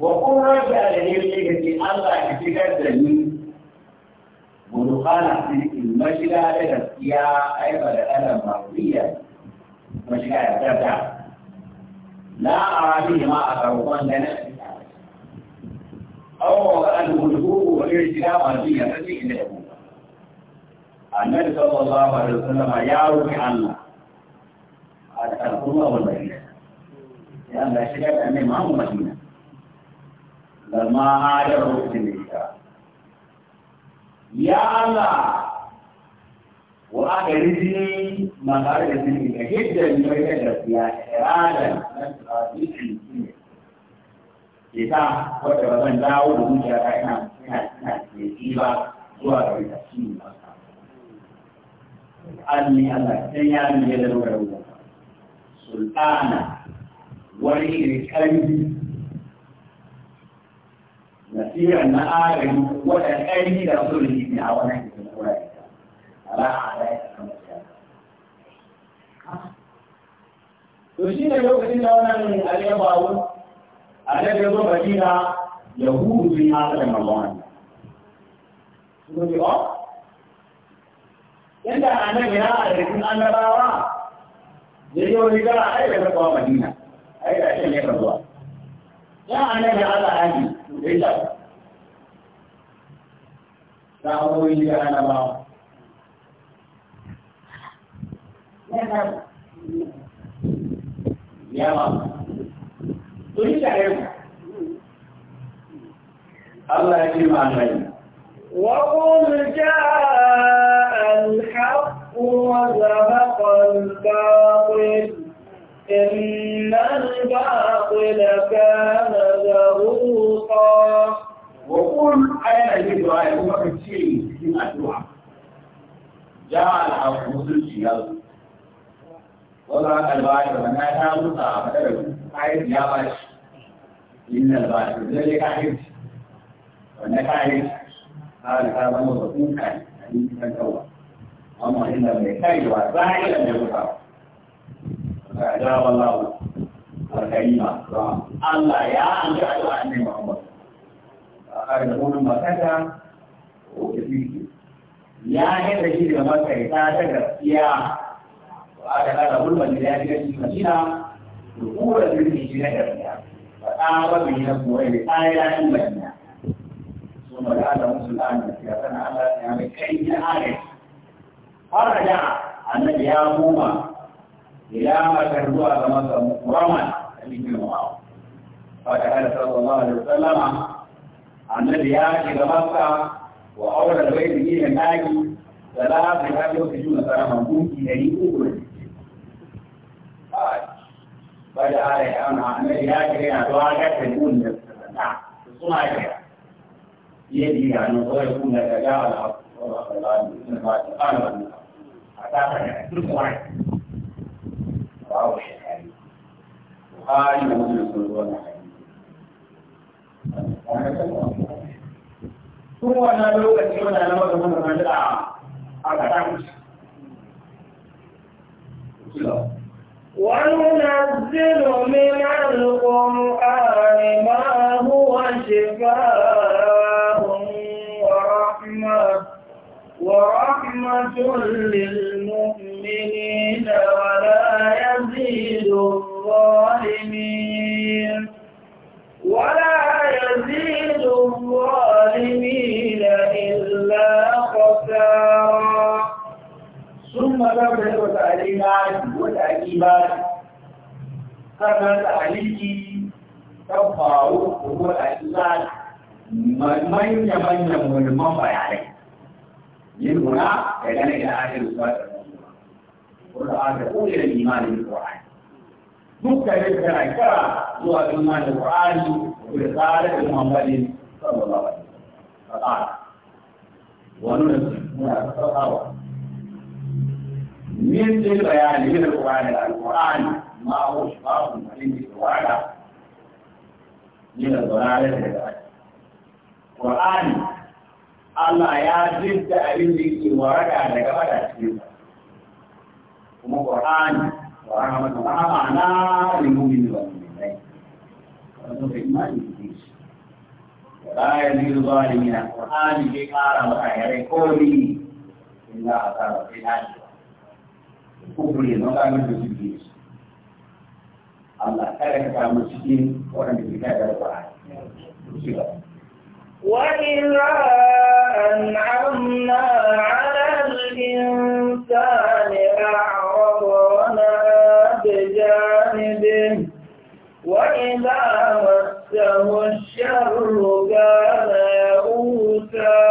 وقل رب أدخلني الله يتكلم مدخل صدق mashiga da gaskiya aiba da ɗanar mafiya mashiga da tsarda la a rami ma a karkon ganin awon ga alhudu wani shiga masu yi a ƙarfi inda ya buga annabi sallallahu alaihi wasallam ya roƙi Allah a al'umma wal madina ya Allah shiga da annabi Muhammad Madina lamma hada rukunin ya Allah وأخرجني مخارج الدنيا جدا من الدنيا إرادة ke sa wadda ba zan dawo da zuciya ta ina ina ina ke ba zuwa ga wata shi ne ba alni Allah sai ya ni ya da ruwa sultana wani ne kalbi nasiran na agaji wata kalbi da sulhi ne a wannan ba a bayar da kamar to shi ne lokacin da wannan al'abawu a daga yanzu madina yahudu sun yi hasa da mazawan yadda a nan yana a cikin annabawa da yau riga a aikata kawo madina a yi ƙarshen ya zuwa ya a nan ya ala hali da ya shafa ta hanyoyi da annabawa يذهب يرى تريد علمها الله يجيب علينا وقل جاء الحق وزهق الباطل إن الباطل كان زهوقا وقل أين يجب أن في الشيء من الدعاء جاء الحق الباطل وضع الباشر من هذا مصعب حيث يا باشر إن الباشر ذلك عجبت وأنك عجبت قال هذا موضوع كان حديث يعني كان هو أما إن لم يكن وزاعي لم يكن فأجاب الله الكريم الله يا أنت أدعى أني محمد فقال يقول ما كذا وكفيك يا هذا الشيء لما كيتا تكفيا فأكل ظلما لأهل المدينة دخولا بالهجرة فآب به نفسه الآية المدينة ثم جعل موسى الآن سياسة على يعني كيف آية فرجع النبي يا قوم إلى ما ترجوها كما مكرما فقال صلى الله عليه وسلم النبي ياتي لمكة وأول البيت فيه الناجي ثلاث يحب يخرجون سلام ممكن أن يكون قال آية أنا أعمل لكن أدواجة تكون نعم صنع كذا يدي أن يكون لك جاء الأرض قال ثم أنا لوكتي من أنا وأنا من أنا لا أكتمش. وننزل من القرآن ما هو شفاء ورحمة ورحمة للمؤمنين ولا يزيد الظالمين ولا يزيد الظالمين إلا خسارا مدرسة وتعليمات وتعقيبات كما تعليقي تفاوت هو الأساس من يمن ملمم بيانه من هنا كان إلى آخر الصلاة والآن تقول إلى الإيمان بالقرآن مختلف كان كرا هو الإيمان القرآني برسالة محمد صلى الله عليه وسلم فقال وننزل هنا تتطور من البيان من القرآن القرآن ما هو شفاف من الوعد من الضلالة القرآن الله يا جد أبين لك ورقة لك بدا kuma Qur'ani wa rahmatu wa ma'ana lil mu'minin wal mu'minat wato da imani ne wa la yadiru zalimin Qur'ani ke kara maka yare koli illa asara sai kubure na ranar da suke su Allah kare ka samu cikin waɗanda ke kai da ba ci gaba وإذا أنعمنا على الإنسان أعرض ونأى بجانبه وإذا مسه الشر كان يئوسا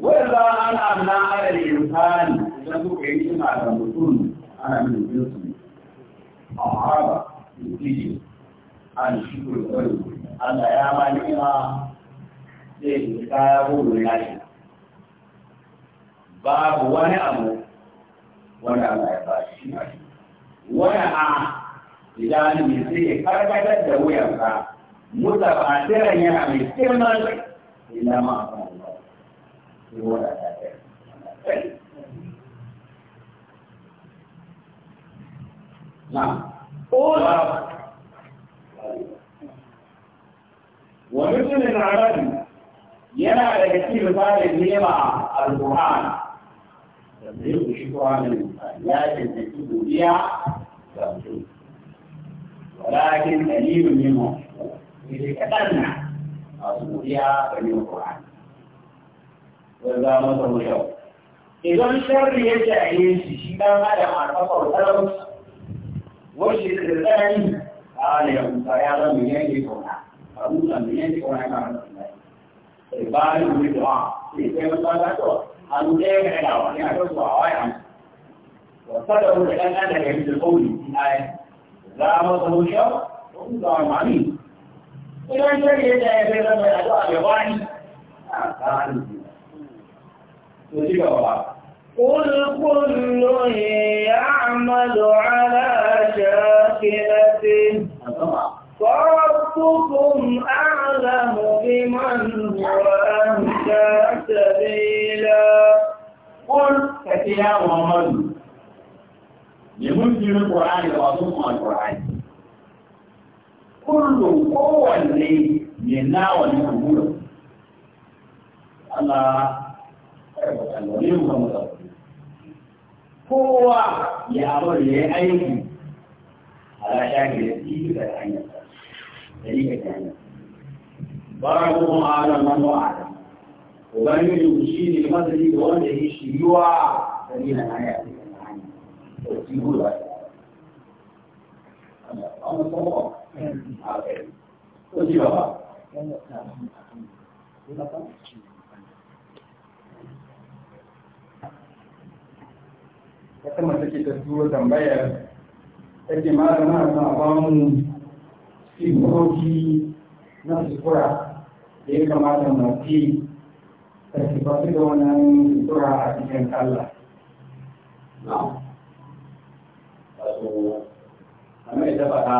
وإذا أنعمنا على الإنسان idan kuka yi yana da mutum ana min jinsu a haraba da kiji an shukur kawai Allah ya ma ni'ima zai yi kaya gudu ya shi babu wani abu wanda Allah ya ba shi na shi wani a idan mai sai ya karkatar da wuyanka mutafatiran yana mai girman ila ma'a kan Allah. Sai wanda ta kai. نعم قول ومثل العمل yana daga cikin misalin nema al-Qur'an da zai ku shi Qur'anin ya tantance godiya ga mutum walakin dalilu ne mu ne kadan na masu godiya ga ne Qur'an wanda za mu samu yau idan sharri ya jaye shi shi dan adam a kafar talauci wani kirkani a ne musa ya zama yanke kona a musa mai yanke kona ka rasu ne sai ba ni wuri da wa sai sai musa ta to an ɗaya ga ɗawa ya tôi zuwa wa anh wa sada mu da ɗan ɗan da ya fi da kauli ai za cũng zama mà đi, zama mami idan shari'a da ya fi zama da addu'a da wani a tsarin to ci gaba ba قل كل يعمل على شاكلته فربكم أعلم بمن هو أهدى سبيلا قل كثيرا ومن لمنزل القرآن وأصدق القرآن كل قوة لي من ولكم الله الولي محمد kowa ya abin da ya aiki a rasha ga da tsibi da hanyar da ni ka hanyar bara kuma adam man wa adam ubangiji shi ne masali da wanda ya shiriwa da ni na hanyar da ta hanyar da tsibi da hanyar a kai ko ji ba ba wata mata ke ta turo tambayar take malama na ba mu na sutura da ya kamata mace fi ta sifatu da wannan sutura a cikin kalla. na wato a mai faɗa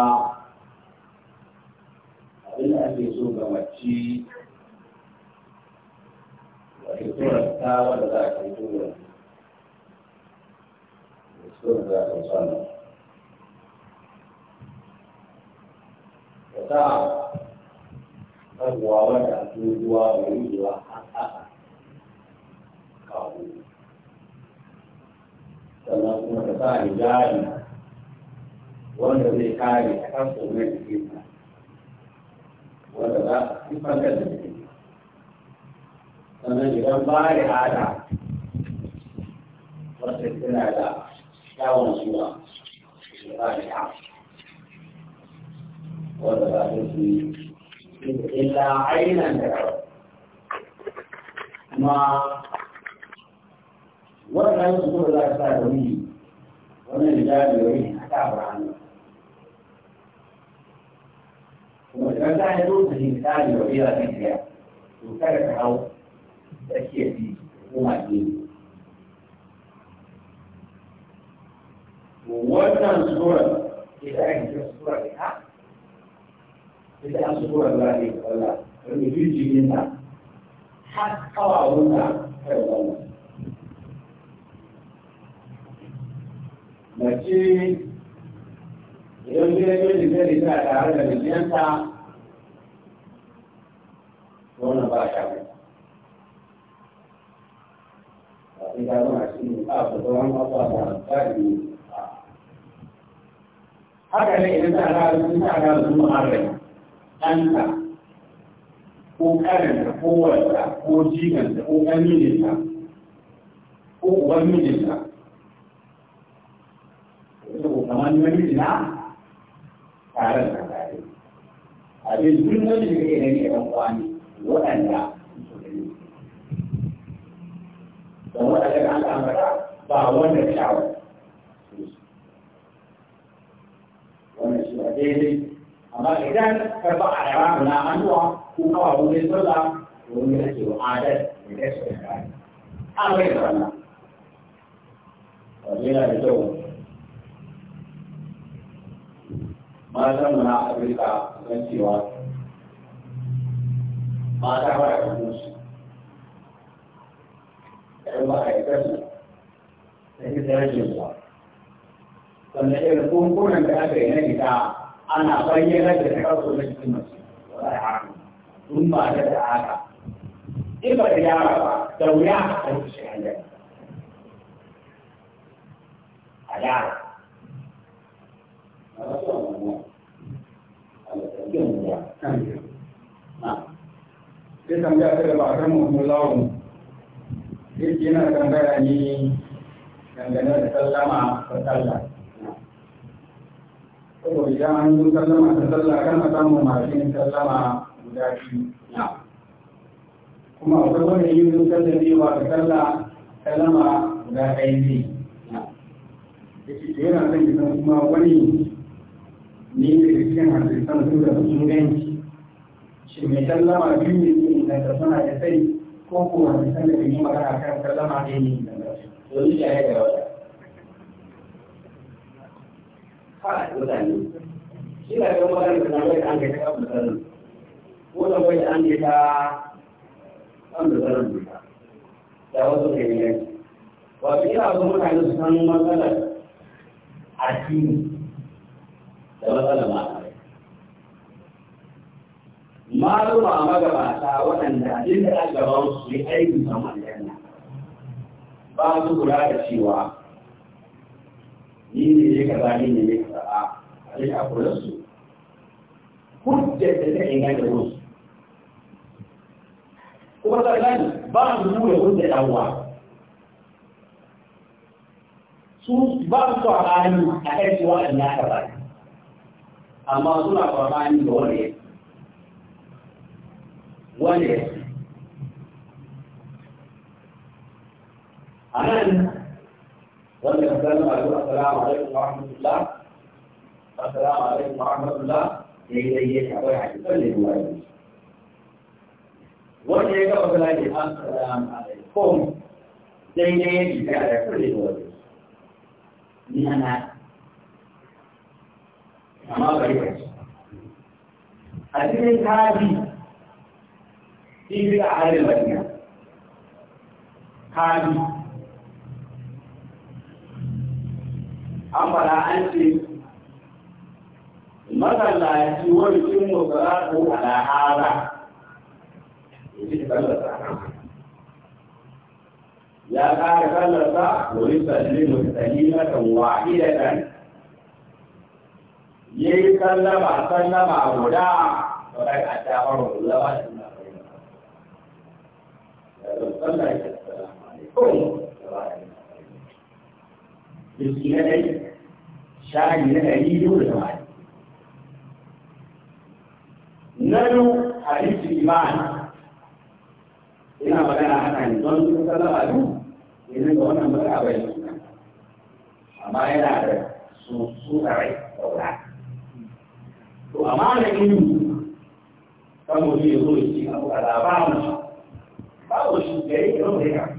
abin da ake so ga mace wato tura ta wadda za a kai tura سورة الصلاة وتعالى تقوى وجع تجوى ويجوى وحقها قابل sannan kuma ta sa hijabi wanda zai kare a kan tsoron jikinta wanda za a sifantar da jikinta sannan idan ba ya hada wata tana da kyawun zuwa da ba da ya wanda ba da su illa ainihin da kawai kuma wannan su kuma za su sa da wuri wannan riga da wuri a ta burhanu kuma idan za a yi lokacin da ta da wuri za ta biya to kada ka hau da ke fi kuma biyu wannan sura ita ake kira sura ita ita an sura Allah ne kalla wani jirgin ta har kawawun ta kai wannan mace idan gina gina da gani tana tare da mijiyanta wannan ba shi abu ba sai ta zama shi ne ba ta zama ba ta ba ta haka ne idan ta ga sun ta ga sun dan ta ko ta ko wata ko jigan ta ko ɗan ta ko uban ta ko kamar namiji na tare da tare abin duk wani da yake ne ɗan kwani wadanda da waɗanda an ambata ba wanda shawar daidai amma idan ka ba a yara na hannuwa ko kawa wani sallah wani da ke adal da ya shi da an bai da wannan wani yana da kyau matan mu na afirka zan cewa mata ba da kanu su ɗan ba a yi kasu da ke tsarajin ba sannan irin kunkunan da aka yi na gida ana bayyana da takardu na cikin mace wala haram dun ba da haka in ba da yara ba da wuya a yi shi hanyar a yara sai tambaya ta da bakar mutum lawon yake yana tambaya ne dangane da sallama ta sallah saboda idan an yi sallama ta sallah kana samun masu yin sallama guda biyu kuma akwai wanda yin sallamewa ta sallah sallama guda ɗaya ne yake yana son kisan kuma wani ne da cikin hadisan su da inganci shi mai sallama biyu ne ne inganta suna da sai ko kuwa hadisan da yi magana kan sallama ɗaya ne da inganta. Yanzu ya yi da wata. mutane shi na da an ta kan ko da an ta da wasu wato ina so mutane su san matsalar addini da matsalar ma'amalai maluma magabata waɗanda abin da aka gaban su yi aikin ba su kula da cewa ni ne ne kaza ni ne ne kaza a sai a kula su hujjar da ta inganta musu kuma ta gani ba su nuna hujjar ɗanwa su ba su a rani a kan cewa an ya kaza amma suna kwamani da wanda ya wanda ya a nan wanda ka zama a yau assalamu alaikum wa rahmatullah assalamu alaikum wa rahmatullah daidai ya shafa ya haƙi kan lebu wani wanda ya gaba kula da assalamu alaikum daidai ya shafa ya haƙi kan lebu wani ni ana amma bari ba a cikin kaji shi bi a halin madina kaji an fara an ce masallaci wani cin musala ko alahara ya ƙara sallarsa wani sallimu salimatan wahidatan ya yi sallama sallama guda wadda ka damar rullawa da na fahimta. Yadda sallar ya sallama ne kuma da ba da na fahimta. Duk ina dai shahi na ɗari biyu da tamanin na biyu hadisi iman ina magana haka ne don su sallama duk yanzu ga wannan magana bai suna amma yana da su su tsarai daura to amma da ilimi kan mutum ya zo shi abu kaza ba mu shi ba mu shi da yake yau da yaka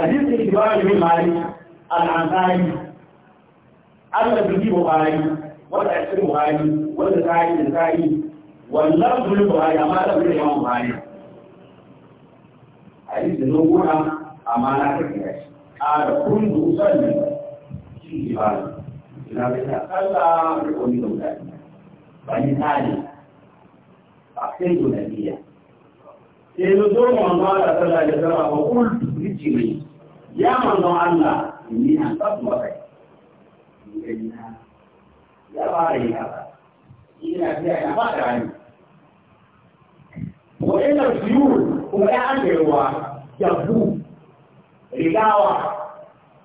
حديث كبار بن مالك العنصاري أما بيجي بخاري ولا أحسن بخاري ولا زايد الزايد ولا بقول بخاري أما لا بقول إمام بخاري حديث نوعنا أمانة كبيرة قال كنت أصلي من كبار إذا بتأكل بقول بخاري بني ثاني أحسنت نبيا إذا دور من الله صلى الله عليه وسلم وقلت لجميل يا من ضع الله إني أنقذ وفي إنها يا باري هذا إلى أبيع ما عني وإن السيول هو أعلى هو يبدو رجاوة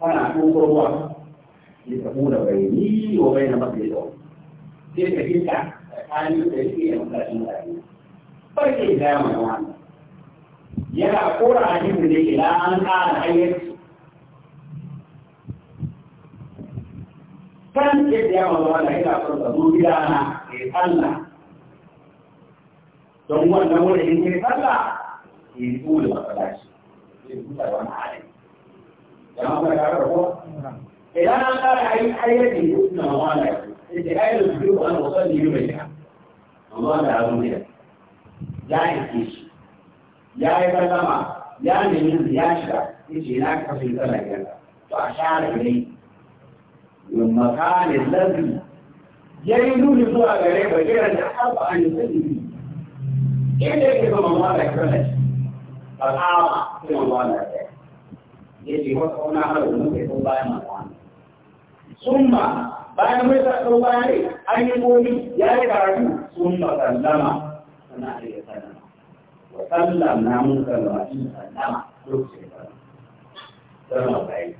أنا أقول هو لتكون بيني وبين مقلته تلك تلك كان يتشفي مقلته فإذا ما يوانا يلا قرأ جبريل إلى أن قال حيث kan yadda ya mawa da ina son ka zo gidana ke sallah don wannan wurin in kai sallah ke dole masallaci ke dole wani hali jama'a ba ka rabuwa idan an kara ayi ayyukan da suna mawa da ya ce ayyukan da suna mawa da ya bai ta mawa da abun gida ya aike shi ya yi sallama ya nemi ya shiga ya ce na kafin sallah gidanka to a share gari والمكان الذي يريدون سوى غريبة غير الحرب عن سبيله إذا كتب الله لك فلش فالأعمى كتب الله لك يجي وقعنا على المسك الله مكان ثم bayan mai sa ɗau bayanai an yi komi ya yi karatu sun ba sallama suna iya sallama wa sallam na mun sallama in sallama lokacin sallama sallama bayan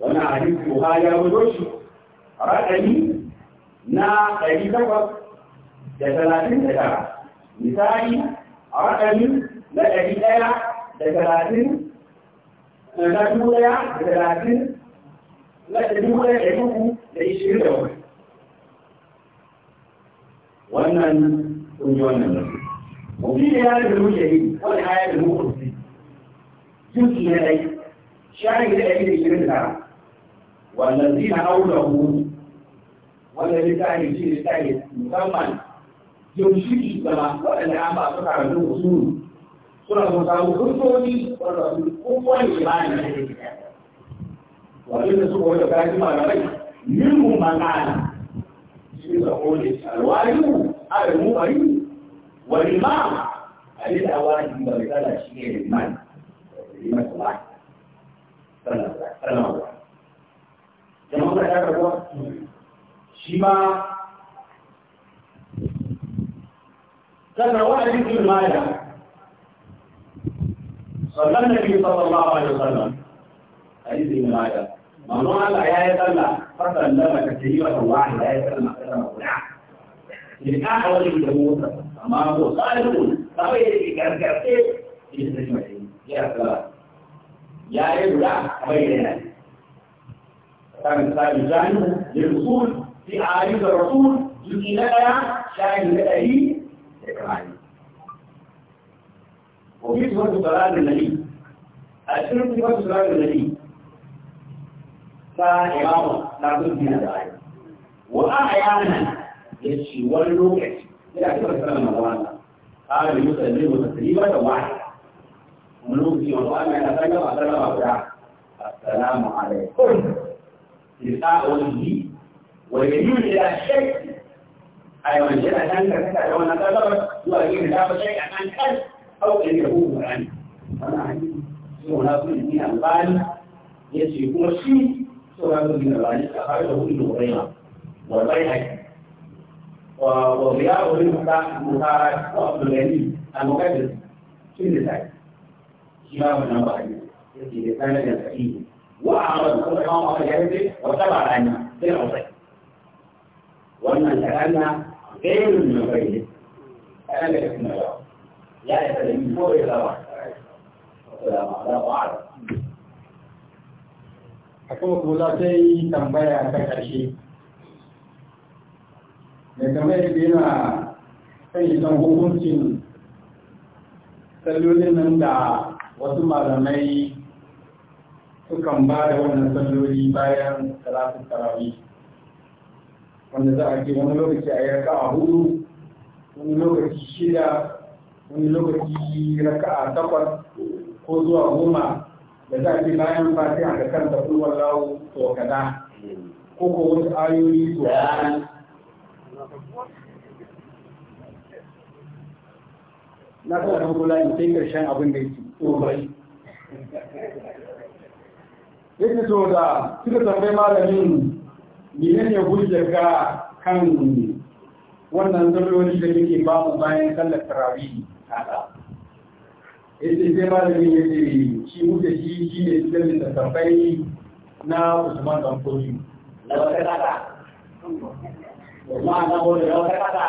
wannan hadisi buhari ya wato shi raɗani na ɗari takwas da talatin da tara misali raɗani na ɗari ɗaya da talatin na dubu ɗaya da talatin na dubu ɗaya da dubu da ishirin da wani wannan kun ji wannan nasu mutum da ya da muke yi wani haya da muku jinsi na ɗai shahin da ɗari da ishirin da tara wallazi na aulahu wanda ya tsari shi ne tsari musamman yaushe gaba waɗanda an ba su karatun usulu suna sun samu hujjoji wanda su kowane imani da yake wanda suka wata kaji malamai minhum man kana shi da kone alwayu ala mu'ari wal imam alil awadi da risala shi ne imani imani sallallahu alaihi wasallam jama'a ya rabuwa shi ma sannan wa'adin jirmaya sannan da biyu sallallahu alaihi wasallam hadisin jirmaya mamman Allah ya yi sallah fasan da maka ta yi wata wahi ya yi sallah ta sama guda jirka a wani da motsa amma ko tsarin kawai da ke gargarce ya yi sallah ya yi guda kawai da yana كان كتاب الجامع للوصول في أعاليم الرسول جزء لها شاهد لأي وفي سورة صلاة النبي أشرف في صلاة النبي فإمامه لا تبدي نزاعي وأحيانا يشي ولو يشي إلى كثير سلام الله قال يسلم تسليما واحدا ومن وقت يوم الله من يتسلم أسلم أبدا السلام عليكم لسائله ويميل إلى الشيء أي من جاء ذلك كذا لو أن تدبر وأجيب ذلك شيئا عن كذا أو أن يكون عنه أنا عندي هناك من الغالي يسيكون الشيء سواء من الغالي أخرجه ابن هريرة والبيهقي وضياء المبارك وابن الغني المقدس في النساء شباب النبائي التي كان يستحيل wa'ala da kuma kawo a yanzu wata ba rani sai a wasai wannan ta rana ɗayan nuna bai ne ta rana da kuma yawa ya yi sarari ko ya zama da ma'ala a kuma kuma za ta tambaya ta ƙarshe mai tambaya da yana kan isan hukuncin tsallolin nan da wasu malamai sukan ba da wannan salloli bayan salatun tarawih wanda za a ce wani lokaci a yi a hudu wani lokaci shida wani lokaci raka a takwas ko zuwa goma da za a ce bayan fatiha da kan tafi wallahu to kada ko ko wasu ayoyi to na kawai kula in sai karshen abin da yake to bai yake to da suka tambaye malamin ne ne hujjar ka kan wannan zalloli da yake ba mu bayan sallar tarawi kada yake sai malamin ya ce shi muke shi shi ne cikin littattafai na Usman Danfodi na wata kata ma na wani na wata kata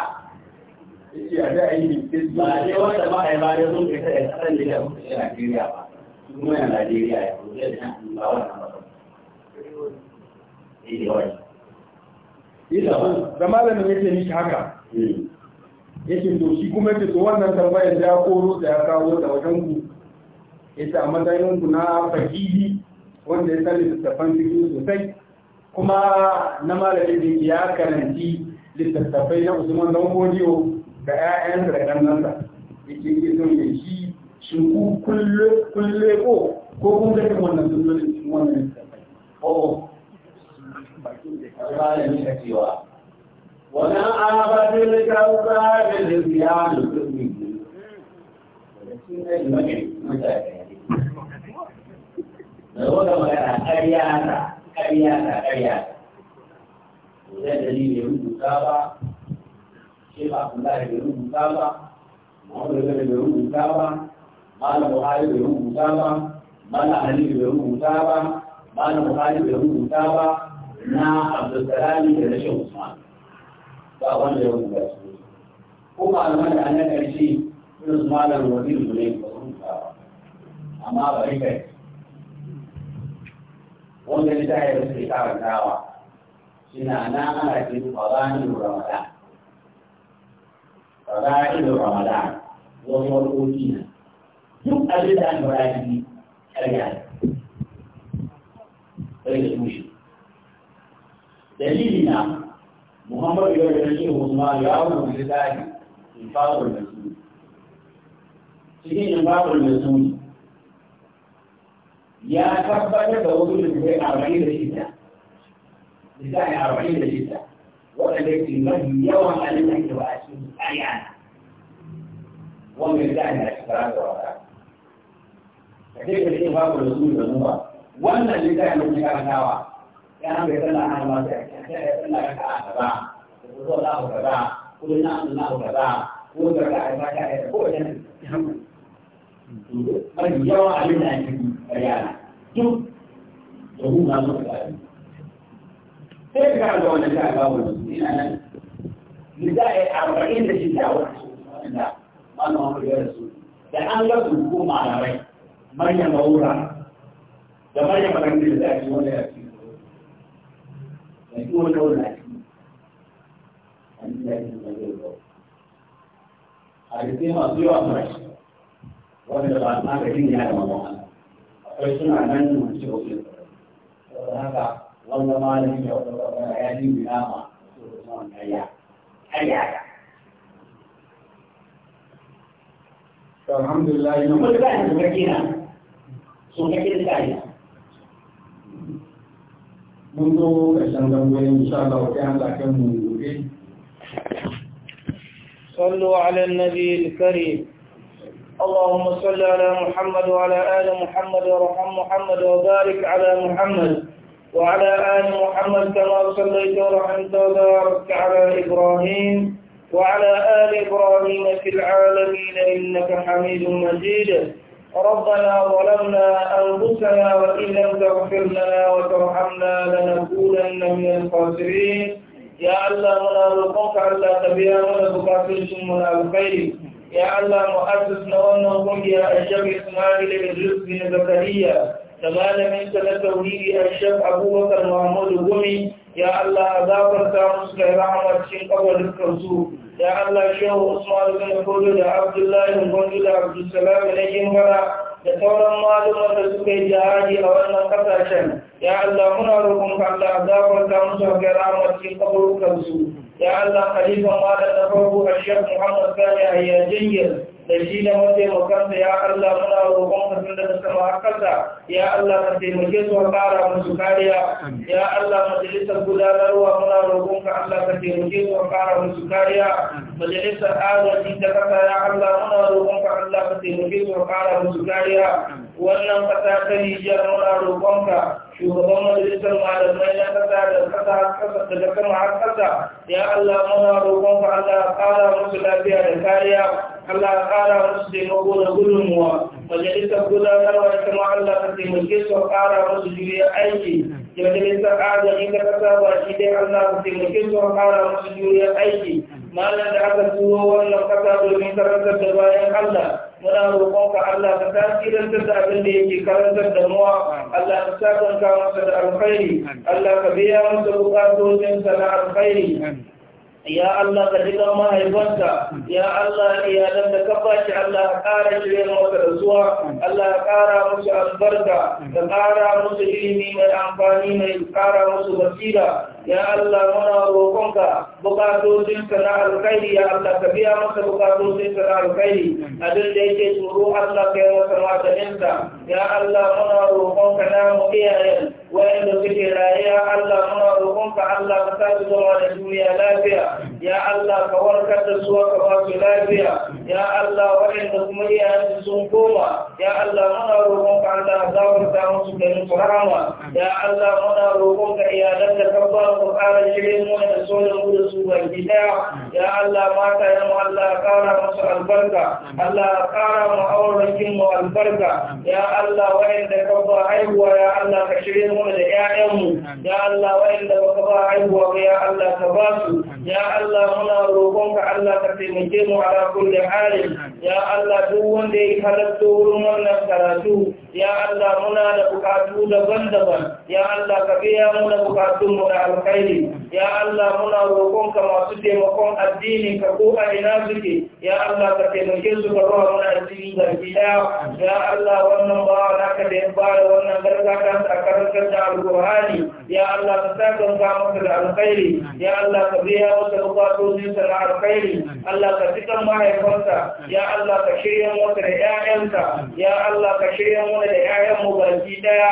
yace a da yi ne ba ne wanda ba a yi ba ne sun kai sai a kasan da ya mutu a Najeriya ba kuma yana Najeriya ya mutu da ba wannan da malamin yake miki haka yake to shi kuma yake to wannan tambayar da ya koro da ya kawo da wajen ku yace a matsayin ku na fakihi wanda ya sani littattafan cikin sosai kuma na malamin da ya karanci littattafai na usman don godiyo da ƴaƴansa da ƙannansa yake yi son ya shi shi ku kulle ko ko kun ga wannan sunan wannan littattafai oh, ومن آفة الكوكب الزيان كله da wata magana ƙarya ta ƙarya ta ƙarya ta zai dalili rubuta ba shi ba kula da bai rubuta ba muhammadu da bai rubuta ba malam buhari bai rubuta ba malam ali bai rubuta ba malam buhari bai rubuta ba na abdulsalami da rashin usman ba wanda ya rubuta su ko malaman da an ƙarshe irin su malam wazir zule ba su rubuta ba amma ba rika wanda ya ta yi suke karantawa suna na ana ce fadailun ramadan fadailun ramadan wasu wani kofi na duk abin da an fara shi ƙarya ne دليلنا محمد يقول لك هو ما يعود لذلك الفاضل المسؤول سيدي الفاضل المسؤول يا كبر دوله اللي أربعين رشيدة لذلك أربعين رشيدة وذلك المهي يوم أن نحن وأسفل أيانا ومرتاحنا أشتراك وراءك فكيف الإنفاق الرسول الله وأن اللي تعمل في كان بيتنا على ما تعمل كذا يقول لك كذا يقول الله a مجموع دولة أنت لازم تقول عارفين أصير أفرش وأنا طبعا عارفين يعني موضوعنا أفرشنا عمان ونشوف هذا والله ما لي عيالي بنامة هيا هيا الحمد لله نقول بقى سمكينا سمكينا ثانية mun zo ƙarshen إن شاء الله sai an zaɓe صلوا على النبي الكريم اللهم صل على محمد وعلى آل محمد وارحم محمد وبارك على محمد وعلى آل محمد كما صليت ورحمت وباركت على إبراهيم وعلى آل إبراهيم في العالمين إنك حميد مجيد ربنا ظلمنا أنفسنا وإن لم تغفر لنا وترحمنا لنكونن من الخاسرين ya Allah muna roƙonka Allah ka biya mana bukatun mu na alkhairi ya Allah mu'assis na wannan kungiya a shafi da Idris bin Zakariya da malamin na tauhidi a shafi Abubakar Muhammadu Gumi ya Allah azabarta musu da rahama cikin يا الله شو سؤال كان da abdullahi الله بن عبد السلام عليهم ولا da sauran malumar da suka yi jihadi a wannan kasashen ya Allah muna roƙon ka Allah zafarta musu ga ramar cikin kaburukan su ya Allah ma da na farko a Sheikh Muhammad Sani a yayin da shi na mataimakansa ya Allah muna roƙon kasan da suka mahakarta ya Allah ka taimake su a ƙara musu kariya ya Allah majalisar gudanarwa muna roƙon ka Allah ka taimake su a ƙara musu kariya majalisar agaji ta kasa ya Allah muna roƙon ka Allah ka taimake su a ƙara musu kariya wannan kasa ta Nijar muna roƙonka shugaban majalisar malamai na kasa da kasa kasa daga sama har kasa ya Allah muna roƙonka Allah ƙara musu lafiya da kariya Allah ƙara musu taimako da gudunmuwa majalisar gudanarwa ita ma Allah ka taimake su ƙara musu juriya aiki majalisar agaji ta kasa ba shi dai Allah ka taimake su ƙara musu juriya aiki malam da aka turo wannan kasa domin karantar da bayan Allah muna roƙonka Allah ka tasirantar da abin da yake karantar da muwa Allah ka sakanka masa da alkhairi Allah ka biya masa sa na alkhairi ya Allah ka jiga mahaifanka ya Allah dan da ka bashi Allah ƙara shirya masa da zuwa Allah ƙara musu albarka ka ƙara musu ilimi mai amfani mai ƙara musu basira ya Allah muna roƙonka bukatocinka na alkhairi ya Allah ka biya masa bukatocinka na alkhairi abin da yake tsoro Allah ka yi masa maganinsa ya Allah muna roƙonka na mu iyayen wa'anda suke raye ya Allah muna roƙonka Allah ka sa su zama da duniya lafiya ya Allah ka warkar da su ka ba su lafiya ya Allah wa'anda kuma iyayen sun koma ya Allah muna roƙonka Allah ka zafarta musu da rahama ya Allah muna roƙonka iyalan da ka ba alƙur'ani shirin mu da sunan mu da su ban daya ya Allah mata yan Allah kara masa albarka Allah kara mu auren mu albarka ya Allah da ka ba haihuwa ya Allah ka shirin mu da ƴaƴan mu ya Allah wa'anda ka ba haihuwa ya Allah ka ba su ya Allah muna roƙonka Allah ka taimake mu ala kulli halin ya Allah duk wanda ya halatto wurin wannan karatu ya Allah muna da bukatu daban-daban ya Allah ka biya muna bukatun mu da alkhairi alkhairi ya Allah muna roƙonka masu taimakon addinin ka ko a ina suke ya Allah ka taimake su ka rawa muna addini da daya. ya Allah wannan ba na ka da ya bada wannan gargada ta karantar da alkur'ani ya Allah ka saka ka masa da alkhairi ya Allah ka biya masa bukatun sa na alkhairi Allah ka cikan mahaifansa ya Allah ka shirya masa da 'ya'yansa ya Allah ka shirya mana da 'ya'yan mu baki daya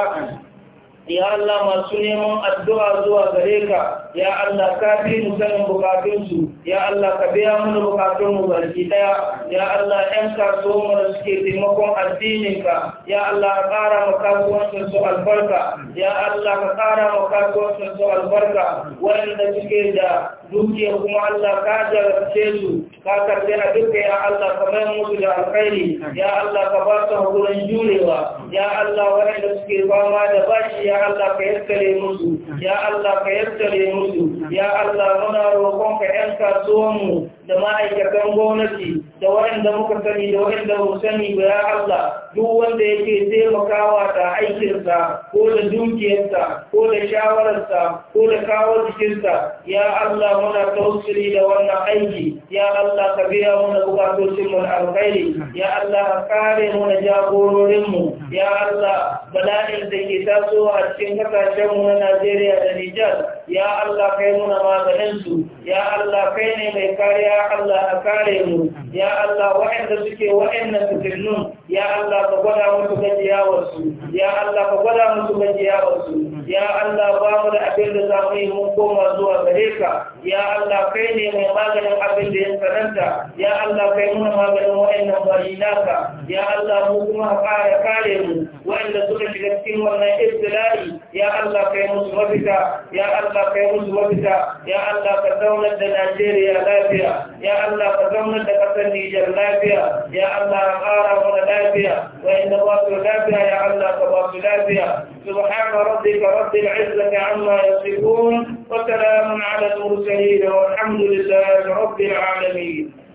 ya Allah masu neman addu'a zuwa gare ka ya Allah ka fi mu sanin bukatunsu ya Allah ka biya mana bukatunmu barki ɗaya. ya Allah ɗan kasuwanmu da suke taimakon addininka ya Allah ka ƙara ma kasuwancin su albarka ya Allah ka ƙara ma su albarka waɗanda suke da dukiya kuma Allah ka jarabce su ka karɓi a duka ya Allah ka mai musu da alkhairi ya Allah ka ba su hakurin jurewa ya Allah waɗanda suke fama da bashi ya ya Allah ka yaskare musu ya Allah ka yaskare musu ya Allah muna roƙon ka ƴan kasuwanmu da ma'aikatan gwamnati da waɗanda muka sani da waɗanda ba sani ba ya Allah duk wanda yake taimakawa da aikinsa ko da dukiyarsa ko da shawararsa ko da kawo jikinsa ya Allah muna tausiri da wannan aiki ya Allah ka biya muna bukatocin mu alkhairi ya Allah ka kare muna jagororin mu ya Allah bala'in da ke tasowa a cikin kasashen mu na Najeriya da Nijar ya Allah kai muna maganin su ya Allah kai ne mai kariya ya Allah a kare mu ya Allah wa'inda suke waɗannan fitillun ya Allah ka gwada musu gajiyawarsu ya Allah ka gwada musu gajiyawarsu ya Allah ba mu da abin da za mu yi mun koma zuwa gare ka ya Allah kai ne mai maganin abin da ya tsananta ya Allah kai muna maganin waɗannan bayi naka ya Allah mu kuma kare kare mu Wa'inda suka shiga cikin wannan ibtila'i ya Allah kai musu mafita ya Allah kai musu mafita ya Allah ka zaunar da Najeriya lafiya يا الله تقوم تكفل نيجر لابيا يا الله غارة ونلابيا وإن الله لابيا يا الله تبارك لابيا سبحان ربك رب العزة عما يصفون وسلام على المرسلين والحمد لله رب العالمين